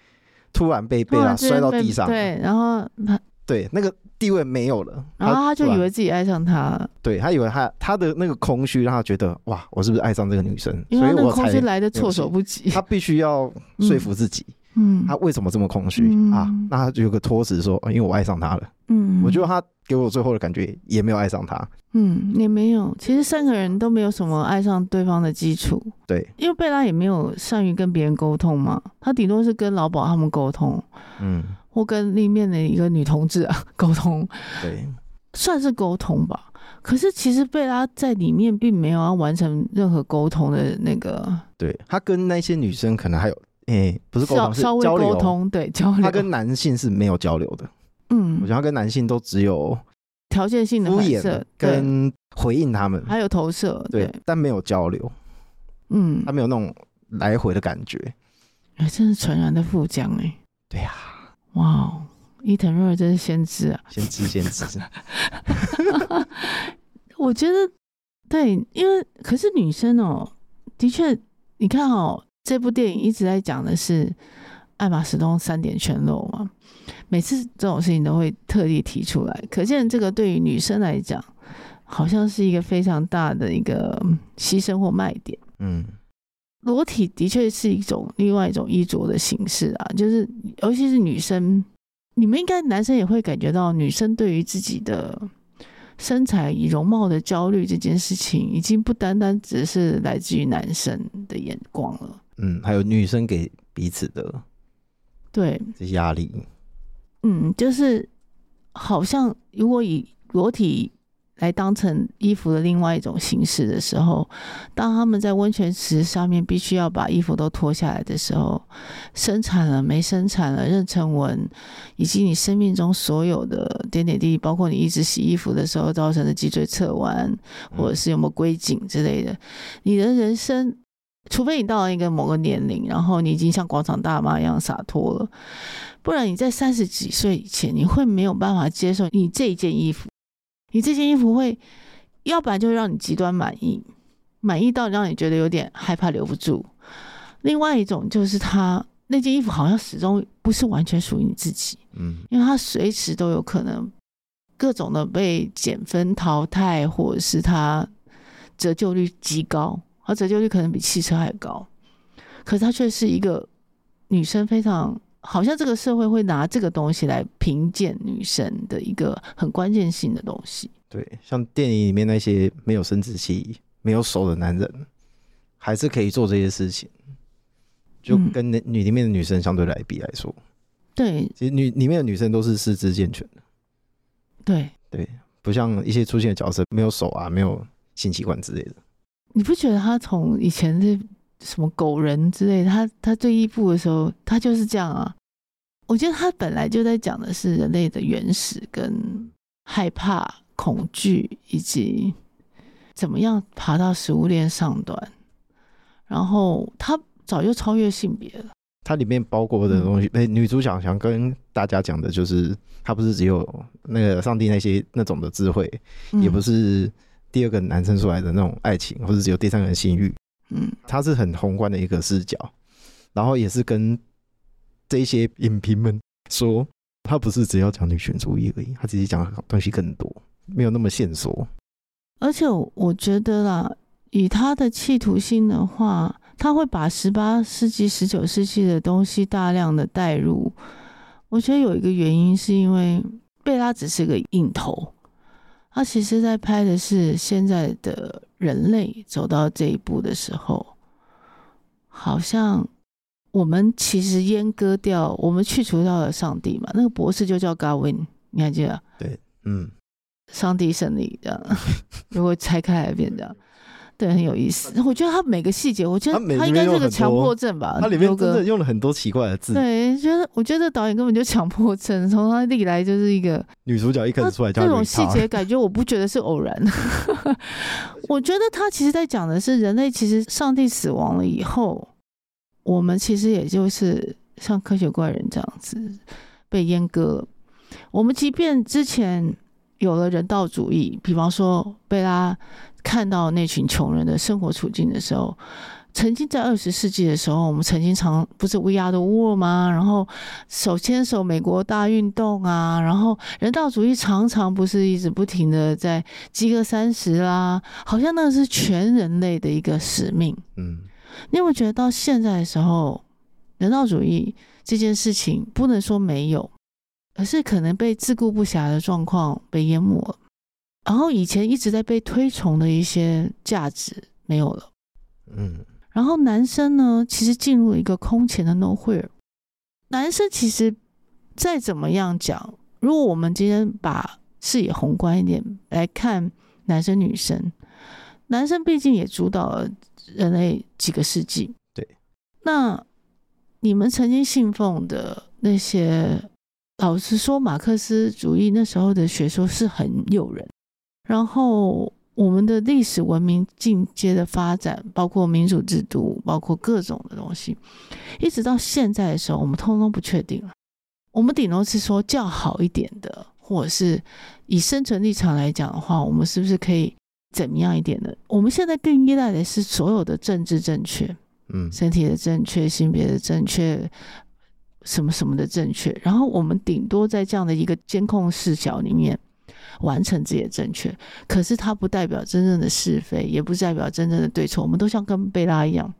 突然被貝拉摔到地上，對，然後他。對，那個地位沒有了，然後他就以為自己愛上他了，對，他以為他他的那個空虛讓他覺得哇，我是不是愛上這個女生？因為那個空虛來的措手不及，他必須要說服自己，嗯，他為什麼這麼空虛、嗯、啊？那他就有個託詞說，因為我愛上他了，嗯，我覺得他給我最後的感覺也沒有愛上他，嗯，也沒有。其實三個人都沒有什麼愛上對方的基礎，對，因為貝拉也沒有善於跟別人溝通嘛，他頂多是跟老鴇他們溝通，嗯。我跟裡面的一個女同志啊，溝通，對，算是溝通吧。可是其實貝拉在裡面並沒有要完成任何溝通的那個。對，他跟那些女生可能還有，哎、欸，不是溝通，稍，稍微溝通，對，交流。交流，他跟男性是沒有交流的。流流的，嗯，我覺得他跟男性都只有條件性的敷衍跟回應他們，還有投射，對，對，但沒有交流。嗯，他沒有那種來回的感覺。哎、欸，真是純然的富江哎、欸。對呀、啊。哇，伊藤潤二真是先知啊！先知，先知。 我覺得，對，因為可是女生哦，的確，你看哦，這部電影一直在講的是艾瑪史東三點全露嘛，每次這種事情都會特地提出來，可見這個對於女生來講，好像是一個非常大的一個犧牲或賣點，嗯。裸體的確是一種另外一種衣着的形式啊，就是尤其是女生，你們應該男生也會感覺到，女生對於自己的身材與容貌的焦慮這件事情，已經不單單只是來自於男生的眼光了。嗯，還有女生給彼此的，對，壓力。嗯，就是好像如果以裸體，來當成衣服的另外一種形式的時候，當他們在溫泉池上面必須要把衣服都脫下來的時候，生產了沒生產了、妊娠紋，以及你生命中所有的點點滴滴，包括你一直洗衣服的時候造成的脊椎側彎，或者是有沒有龜頸之類的，你的人生，除非你到了一個某個年齡，然後你已經像廣場大媽一樣灑脫了，不然你在三十幾歲以前，你會沒有辦法接受你這件衣服。你這件衣服會，要不然就會讓你極端滿意，滿意到讓你覺得有點害怕留不住。另外一種就是它，它那件衣服好像始終不是完全屬於你自己，嗯，因為它隨時都有可能各種的被減分淘汰，或者是它折舊率極高，而折舊率可能比汽車還高。可是它卻是一個女生非常。好像這個社會會拿這個東西來評鑑女生的一個很關鍵性的東西。對，像電影裡面那些沒有生殖器、沒有手的男人，還是可以做這些事情，就跟女裡面的女生相對來比來說，嗯、對，其實女裡面的女生都是四肢健全的，對對，不像一些出現的角色沒有手啊，沒有性器官之類的。你不覺得他從以前的什麼狗人之類的，他他第一部的時候，他就是這樣啊。我覺得他本來就在講的是人類的原始跟害怕、恐懼，以及怎麼樣爬到食物鏈上端。然後他早就超越性別了。他裡面包括的東西，哎、嗯欸，女主角想，想跟大家講的就是，他不是只有那個上帝那些那種的智慧，嗯、也不是第二個男生出來的那種愛情，或者只有第三個人性慾。嗯，他是很宏觀的一個視角，然後也是跟這些影評們說，他不是只要講女權主義而已，他自己講的東西更多，沒有那麼線索。而且我，我覺得啦，以他的企圖心的話，他會把十八世紀、十九世紀的東西大量的帶入。我覺得有一個原因是因為貝拉只是個影頭。他其實，在拍的是現在的人類走到這一步的時候，好像我們其實閹割掉，我們去除掉了上帝嘛。那個博士就叫 Godwin，你還記得、啊？對，嗯，上帝勝利這樣， 如果拆開來變這樣。對，很有意思。啊、我覺得他每個細節，我覺得他應該是個強迫症吧。他裡，歌他裡面真的用了很多奇怪的字。對，覺得我覺得導演根本就強迫症，從他歷來就是一個。女主角一開始出來講，這種細節感覺我不覺得是偶然。 我覺得他其實在講的是，人類其實上帝死亡了以後，我們其實也就是像科學怪人這樣子被閹割。我們即便之前。有了人道主義，比方說貝拉看到那群窮人的生活處境的時候，曾經在二十世紀的時候，我們曾經常不是烏 R 的 War 嗎？然後手牽手美國大運動啊，然後人道主義常常不是一直不停的在飢餓三十啦，好像那個是全人類的一個使命。嗯，你有沒有覺得到現在的時候，人道主義這件事情不能說沒有？可是可能被自顧不暇的狀況被淹沒了，然後以前一直在被推崇的一些價值沒有了，嗯，然後男生呢，其實進入一個空前的 nowhere。男生其實再怎麼樣講，如果我們今天把視野宏觀一點來看，男生女生，男生畢竟也主導了人類幾個世紀，對。那你們曾經信奉的那些。老實說，馬克思主義那時候的學說是很誘人。然後，我們的歷史文明進階的發展，包括民主制度，包括各種的東西，一直到現在的時候，我們通通不確定了。我們頂多是說較好一點的，或者是以生存立場來講的話，我們是不是可以怎麼樣一點的？我們現在更依賴的是所有的政治正確，嗯，身體的正確，性別的正確。什麼什麼的正確，然後我們頂多在這樣的一個監控視角裡面完成這些正確，可是它不代表真正的是非，也不代表真正的對錯。我們都像跟貝拉一樣，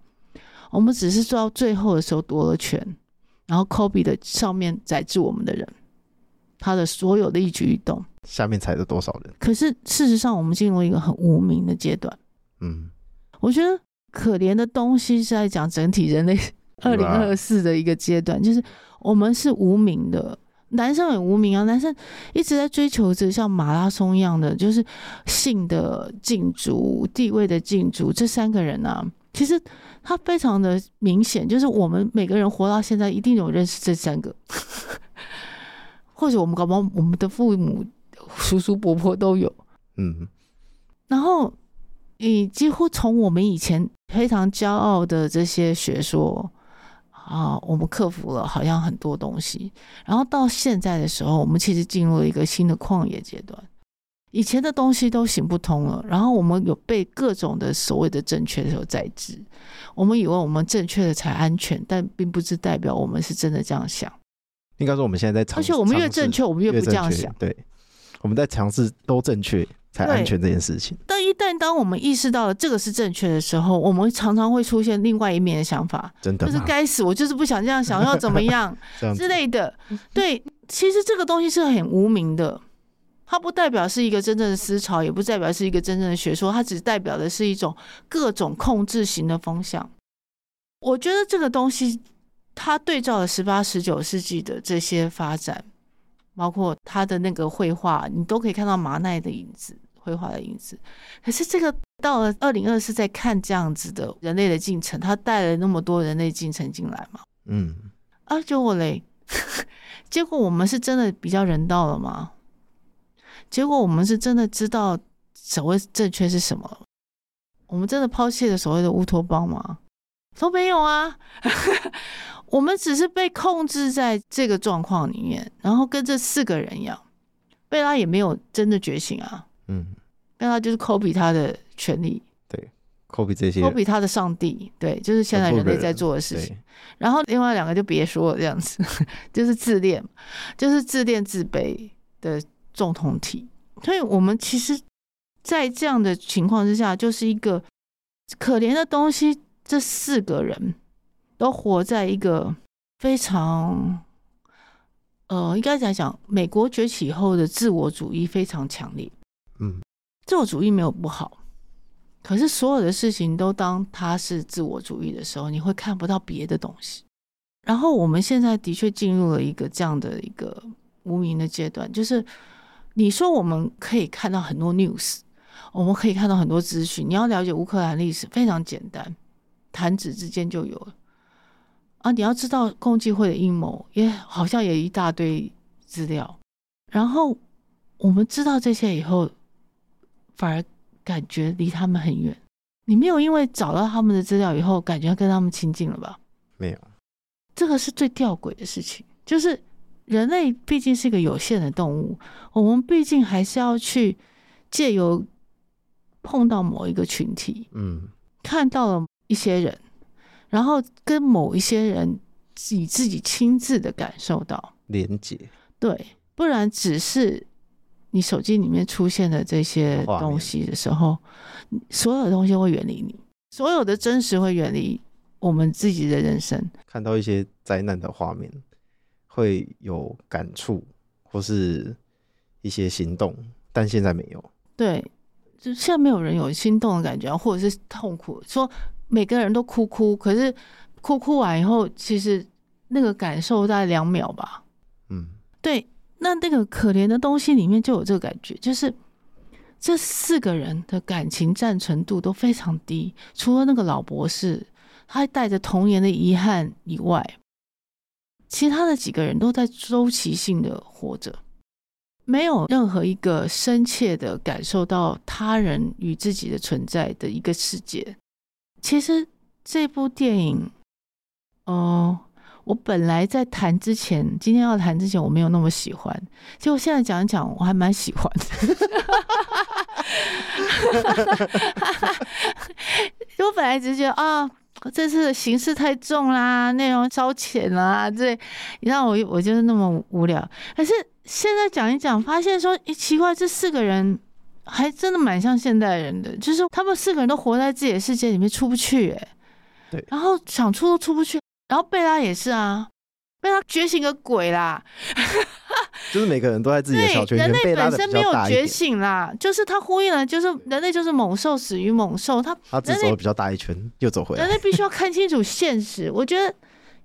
我們只是做到最後的時候奪了權，然後科比的上面宰制我們的人，他的所有的一舉一動，下面踩著多少人。可是事實上，我們進入一個很無名的階段。嗯，我覺得可憐的東西是在講整體人類。二零二四的一個階段，是嗎就是我們是無名的男生，很無名啊！男生一直在追求着像馬拉松一樣的，就是性的競逐、地位的競逐，這三個人呢、啊，其實他非常的明顯，就是我們每個人活到現在，一定有認識這三個， 或者我們搞不好我們的父母、叔叔、伯伯都有。嗯哼，然後你幾乎從我們以前非常驕傲的這些學說。啊，我們克服了好像很多東西，然後到現在的時候，我們其實進入了一個新的曠野階段，以前的東西都行不通了。然後我們有被各種的所謂的正確的所宰制。我們以為我們正確的才安全，但並不是代表我們是真的這樣想。應該說我們現在在嘗試，而且我們越正確，我們試越，越不這樣想。對，我們在嘗試都正確才安全這件事情。一旦當我們意識到了這個是正確的時候，我們常常會出現另外一面的想法，就是該死我，我就是不想這樣想，要怎麼樣， 樣子之類的。對，其實這個東西是很無名的，它不代表是一個真正的思潮，也不代表是一個真正的學說，它只代表的是一種各種控制型的風向。我覺得這個東西，它對照了十八、十九世紀的這些發展，包括他的那個繪畫，你都可以看到馬奈的影子。繪畫的影子，可是這個到了二零二四在看這樣子的人類的進程，他帶了那麼多人類進程進來嘛？嗯，啊，就我嘞， 結果我們是真的比較人道了嗎？結果我們是真的知道所謂正確是什麼了？我們真的拋棄了所謂的烏托邦嗎？都沒有啊， 我們只是被控制在這個狀況裡面，然後跟這四個人一樣，貝拉也沒有真的覺醒啊。嗯，那他就是 copy，他的權利對，copy 這些，copy 他的上帝，對，就是現在人類在做的事情。人人然後另外兩個就別說了，這樣子對 就是自戀，就是自戀自卑的重同體。所以，我們其實，在這樣的情況之下，就是一個可憐的東西。這四個人都活在一個非常，呃，應該講講美國崛起以後的自我主義非常強烈。自我主義沒有不好，可是所有的事情，都當它是自我主義的時候，你會看不到別的東西。然後我們現在的確進入了一個這樣的一個無名的階段，就是你說我們可以看到很多 news，我們可以看到很多資訊。你要了解烏克蘭歷史非常簡單，彈指之間就有了啊！你要知道共濟會的陰謀，也好像也一大堆資料。然後我們知道這些以後。反而感覺離他們很遠。你沒有因為找到他們的資料以後，感覺跟他們親近了吧？沒有。這個是最弔詭的事情，就是人類畢竟是一個有限的動物，我們畢竟還是要去借由碰到某一個群體，嗯，看到了一些人，然後跟某一些人以自己親自的感受到連結。對，不然只是。你手機裡面出現的這些東西的時候，面所有的東西會遠離你，所有的真實會遠離我們自己的人生。看到一些災難的畫面，會有感觸或是一些行動，但現在沒有。對，就現在沒有人有心動的感覺，或者是痛苦。說每個人都哭哭，可是哭哭完以後，其實那個感受大概兩秒吧。嗯，對。那那個可憐的東西裡面就有這個感覺，就是這四個人的感情黏稠度，都非常低，除了那個老博士，他帶着童年的遺憾以外，其他的幾個人都在周期性的活着，沒有任何一個深切的感受到他人與自己的存在的一個世界。其實這部電影，哦、呃。我本來在談之前，今天要談之前，我沒有那麼喜歡。結果現在講一講，我還蠻喜歡的。 我本來只是覺得啊、哦，這次的形式太重啦，內容稍淺啦，這，這讓我我就是那麼無聊。可是現在講一講，發現說，咦，奇怪，這四個人還真的蠻像現代人的，就是他們四個人都活在自己的世界裡面，出不去、欸。哎，對，然後想出都出不去。然後貝拉也是啊，被他覺醒個鬼啦， 就是每個人都在自己的小圈圈，人類本身沒有覺醒啦，就是他呼應了、啊，就是人類就是猛獸，死於猛獸。他他只走比較大一圈，類又走回來。人類必須要看清楚現實。 我覺得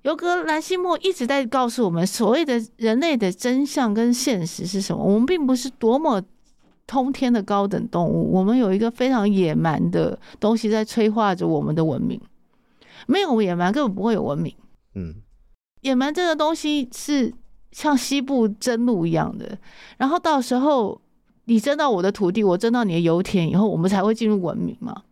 尤哥蘭西莫一直在告訴我們，所謂的人類的真相跟現實是什麼？我們並不是多麼通天的高等動物，我們有一個非常野蠻的東西在催化着我們的文明。沒有野蠻，根本不會有文明。嗯，野蠻這個東西是像西部征路一樣的，然後到時候你征到我的土地，我征到你的油田以後，我們才會進入文明嘛。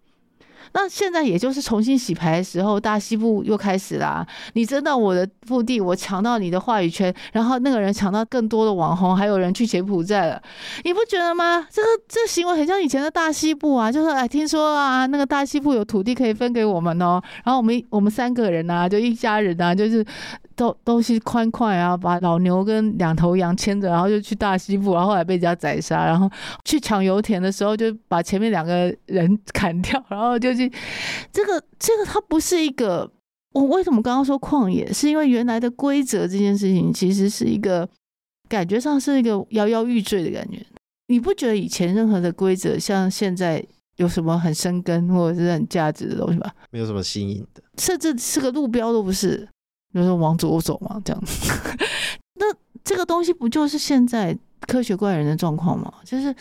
那現在也就是重新洗牌的時候，大西部又開始啦、啊。你爭到我的腹地，我搶到你的話語圈，然後那個人搶到更多的網紅，還有人去柬埔寨了，你不覺得嗎？這個這行為很像以前的大西部啊，就是哎，聽說啊，那個大西部有土地可以分給我們哦、喔，然後我們我們三個人啊，就一家人啊，就是。都都是寬快啊！把老牛跟兩頭羊牽着，然後就去大西部，然後後來被人家宰殺，然後去搶油田的時候就把前面兩個人砍掉，然後就去這個這個它不是一個我為什麼剛剛說曠野？是因為原來的規則這件事情其實是一個感覺上是一個搖搖欲墜的感覺。你不覺得以前任何的規則像現在有什麼很深根或者是很價值的東西嗎？沒有什麼新穎的，甚至是個路標都不是。就是往左走嘛，啊，這樣子。 那這個東西不就是現在科學怪人的狀況嗎？就是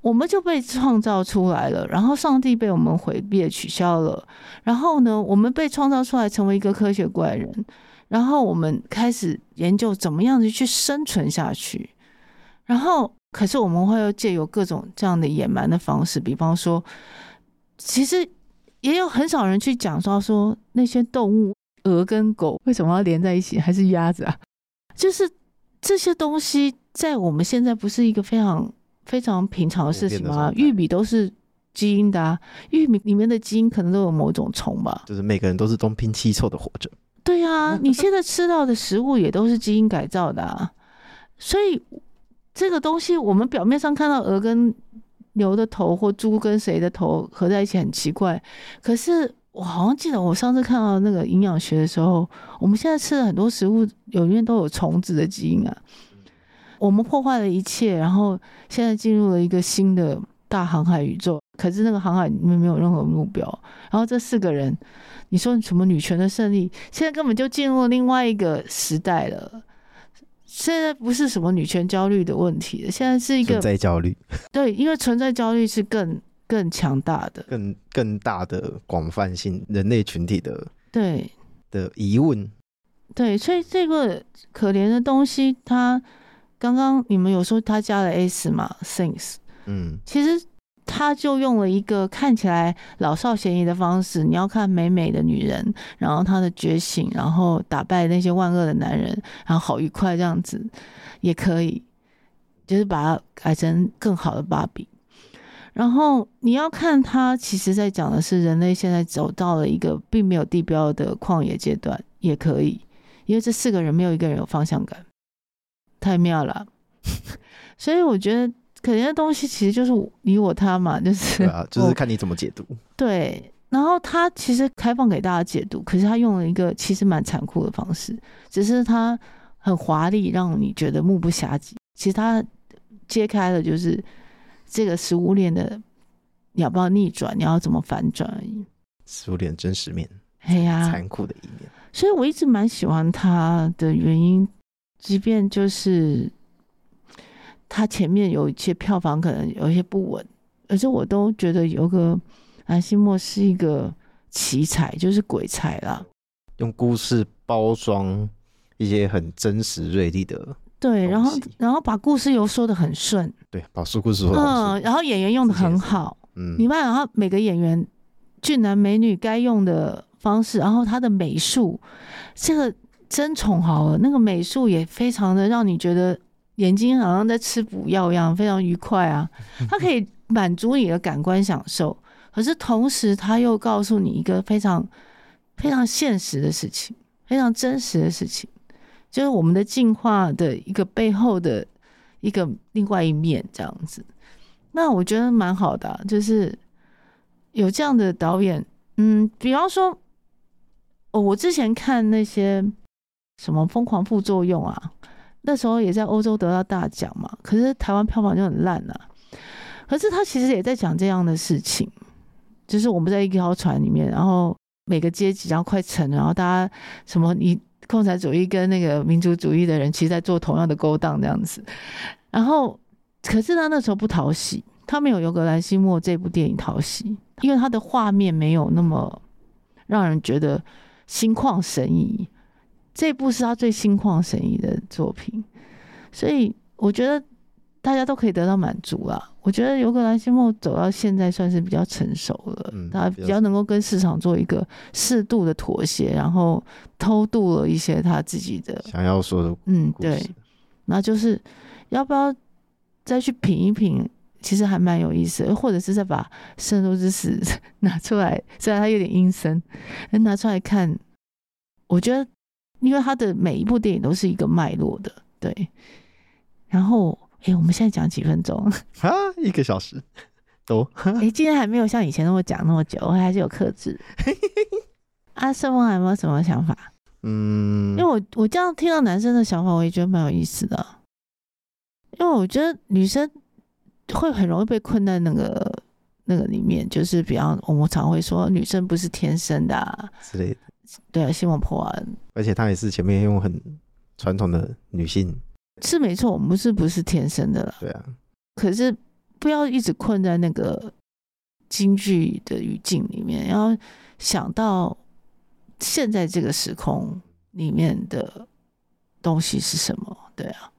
我們就被創造出來了，然後上帝被我們毀滅取消了，然後呢，我們被創造出來成為一個科學怪人，然後我們開始研究怎麼樣子去生存下去，然後可是我們會要借由各種這樣的野蠻的方式，比方說，其實也有很少人去講到說，說那些動物。鵝跟狗為什麼要連在一起？還是鴨子啊？就是這些東西在我們現在不是一個非常非常平常的事情嗎？玉米都是基因的啊，玉米裡面的基因可能都有某種蟲吧？就是每個人都是東拼西湊的活着。對啊，你現在吃到的食物也都是基因改造的啊。 所以這個東西，我們表面上看到鵝跟牛的頭或豬跟誰的頭合在一起很奇怪，可是。我好像記得我上次看到那個營養學的時候，我們現在吃了很多食物，裡面都有蟲子的基因啊。我們破壞了一切，然後現在進入了一個新的大航海宇宙，可是那個航海裡面沒有任何目標。然後這四個人，你說你什麼女權的勝利，現在根本就進入了另外一個時代了。現在不是什麼女權焦慮的問題，現在是一個存在焦慮。 對，因為存在焦慮是更。更強大的，更更大的廣泛性人類群體的對的疑問，對，所以這個可憐的東西，他剛剛你們有說他加了 s 嘛 things 嗯，其實他就用了一個看起來老少咸宜的方式，你要看美美的女人，然後她的覺醒，然後打敗那些萬惡的男人，然後好愉快這樣子也可以，就是把它改成更好的芭比。然後你要看他，其實在講的是人類現在走到了一個並沒有地標的曠野階段，也可以，因為這四個人沒有一個人有方向感，太妙了。 所以我覺得，可憐的東西其實就是你我他嘛，就是啊，就是看你怎麼解讀。對，然後他其實開放給大家解讀，可是他用了一個其實蠻殘酷的方式，只是他很華麗，讓你覺得目不暇接。其實他揭開了就是。這個食物鏈的你要不要逆轉？你要怎麼反轉而已？食物鏈真實面，哎呀、啊，殘酷的一面。所以我一直蠻喜歡他的原因，即便就是他前面有一些票房可能有一些不穩，而且我都覺得尤格、啊、藍西莫是一個奇才，就是鬼才啦，用故事包裝一些很真實銳利的。對，西然後然後把故事又說的很順，對，把說故事說嗯、呃，然後演員用的很好，嗯，明白，然後每個演員，俊男美女該用的方式，然後他的美術，這個真寵好了，那個美術也非常的讓你覺得眼睛好像在吃補藥一樣，非常愉快啊，他可以滿足你的感官享受， 可是同時他又告訴你一個非常非常現實的事情，非常真實的事情。就是我們的進化的一個背後的一個另外一面，這樣子，那我覺得蠻好的啊，就是有這樣的導演，嗯，比方說，哦，我之前看那些什麼《瘋狂副作用》啊，那時候也在歐洲得到大獎嘛，可是台灣票房就很爛了啊，可是他其實也在講這樣的事情，就是我們在一條船裡面，然後每個階級然後快沉，然後大家什麼你。共產主義跟那個民族主義的人，其實在做同樣的勾當，這樣子。然後，可是他那時候不討喜，他沒有《尤格蘭西莫》這部電影討喜，因為他的畫面沒有那麼讓人覺得心曠神怡。這部是他最心曠神怡的作品，所以我覺得大家都可以得到滿足了啊。我覺得尤格藍西莫走到現在算是比較成熟了，嗯、他比較能夠跟市場做一個適度的妥協，然後偷渡了一些他自己的想要說的，嗯，對，那就是要不要再去品一品，其實還蠻有意思，或者是再把《聖鹿之死》拿出來，雖然他有點陰森，那拿出來看，我覺得，因為他的每一部電影都是一個脈絡的，對，然後。哎、欸，我們現在講幾分鐘？啊，一個小時多。哎、欸，今天還沒有像以前那麼講那麼久，我還是有克制。阿聖峰、 啊、還有沒有什麼想法？嗯，因為我我這樣聽到男生的想法，我也覺得蠻有意思的、啊。因為我覺得女生會很容易被困在那個那個裡面，就是比方我們常會說女生不是天生的之、啊、類的，對，西蒙波娃。而且他也是前面用很傳統的女性。是沒錯，我們不是不是天生的了。對啊，可是不要一直困在那個京劇的語境裡面，要想到現在這個時空裡面的東西是什麼？對啊，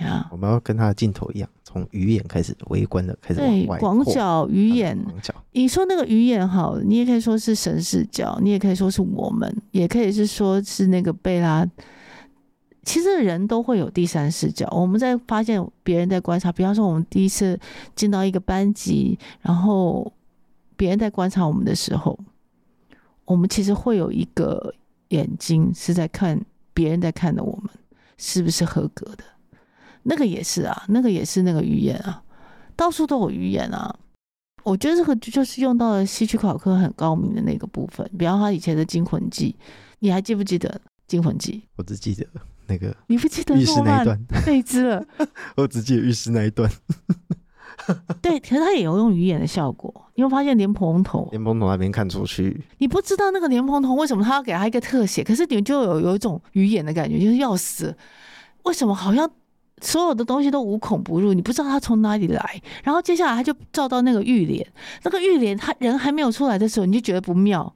對啊，我們要跟他的鏡頭一樣，從魚眼開始圍，圍觀的開始往外擴。廣角魚眼，嗯、廣角，你說那個魚眼好，你也可以說是神視角，你也可以說是我們，也可以是說是那個貝拉。其實人都會有第三視角。我們在發現別人在觀察，比方說我們第一次進到一個班級，然後別人在觀察我們的時候，我們其實會有一個眼睛是在看別人在看的我們是不是合格的。那個也是啊，那個也是那個語言啊，到處都有語言啊。我覺得這個就是用到了希區考克很高明的那個部分。比方他以前的《驚魂記》，你還記不記得《驚魂記》？我只記得。那個，你不記得浴室那一段被只了， 我只記得浴室那一段。 對，可是他也有用魚眼的效果，你會發現蓮蓬頭，蓮蓬頭還沒看出去，你不知道那個蓮蓬頭為什麼他要給他一個特寫，可是你就有有一種魚眼的感覺，就是要死，為什麼好像？所有的東西都無孔不入，你不知道它從哪裡來。然後接下來他就照到那個浴簾，那個浴簾，他人還沒有出來的時候，你就覺得不妙，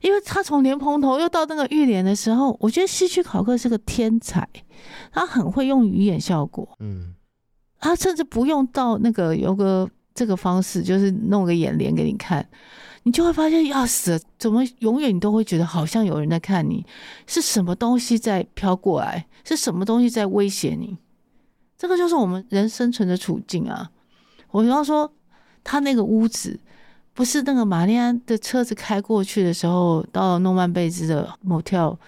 因為他從蓮蓬頭又到那個浴簾的時候，我覺得希區考克是個天才，他很會用魚眼效果。嗯，他甚至不用到那個有個這個方式，就是弄個眼簾給你看，你就會發現要、啊、死了。怎麼永遠你都會覺得好像有人在看你，是什麼東西在飄過來，是什麼東西在威脅你？這個就是我們人生存的處境啊！我比方說，他那個屋子，不是那個瑪麗安的車子開過去的時候，到了諾曼貝茲的 motel，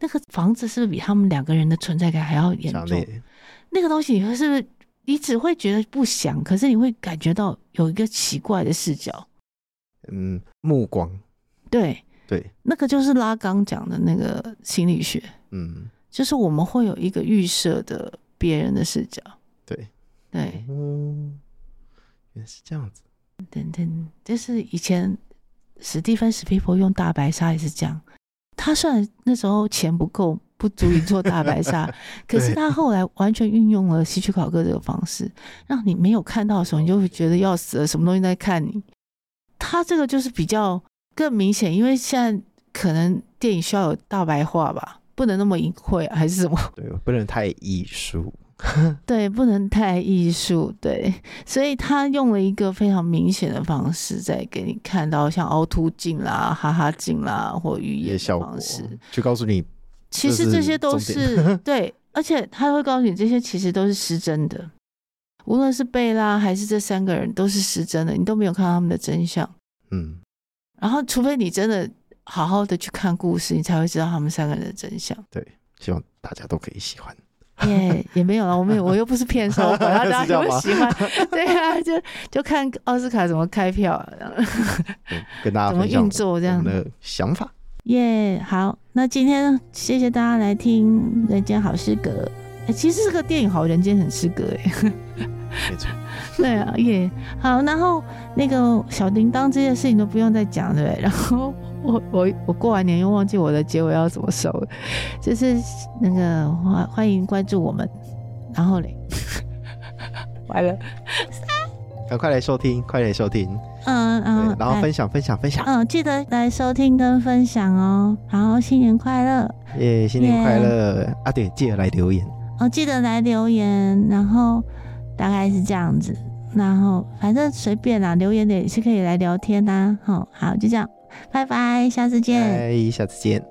那個房子是不是比他們兩個人的存在感還要嚴重？累那個東西，是不是你只會覺得不祥，可是你會感覺到有一個奇怪的視角？嗯，目光，對對，對，那個就是拉岡講的那個心理學，嗯，就是我們會有一個預設的。別人的視角，對對，對嗯，原來是這樣子。等等，就是以前史蒂芬史匹柏用大白鯊也是這樣，他雖然那時候錢不夠，不足以做大白鯊， 可是他後來完全運用了希區考克這個方式，讓你沒有看到的時候，你就會覺得要死了，什麼東西在看你。他這個就是比較更明顯，因為現在可能電影需要有大白話吧。不能那麼隱晦、啊、還是什麼？對，不能太藝術。 對，不能太藝術。對，所以他用了一個非常明顯的方式在給你看到，像凹凸鏡啦、哈哈鏡啦，或語言方式效果就告訴你。其實這些都是 對，而且他會告訴你，這些其實都是失真的。無論是貝拉還是這三個人，都是失真的，你都沒有看到他們的真相。嗯。然後，除非你真的。好好的去看故事，你才會知道他們三個人的真相。對，希望大家都可以喜歡。耶 ，yeah, 也沒有了，我沒有，我又不是騙手，大家 喜歡？ 對啊，就就看奧斯卡怎麼開票、啊，跟大家 怎麼運作這樣的想法。耶，yeah, 好，那今天謝謝大家來聽《人間好失格》欸，其實這個電影，好人間很失格耶，哎 錯，沒錯。對啊，耶、yeah，好，然後那個小鈴鐺這件事情都不用再講，對？然後。我我我過完年又忘記我的結尾要怎麼收，就是那個歡歡迎關注我們，然後嘞， 完了 啊，快快來收聽，快來收聽，嗯嗯，然後分享分享來分享，分享嗯，記得來收聽跟分享哦，然後新年快樂，耶，Yeah, 新年快樂 Yeah 啊，對，記得來留言哦，記得來留言，然後大概是這樣子，然後反正隨便啦、啊，留言也是可以來聊天吶、啊，好，好，就這樣。拜拜，下次見。哎，下次見。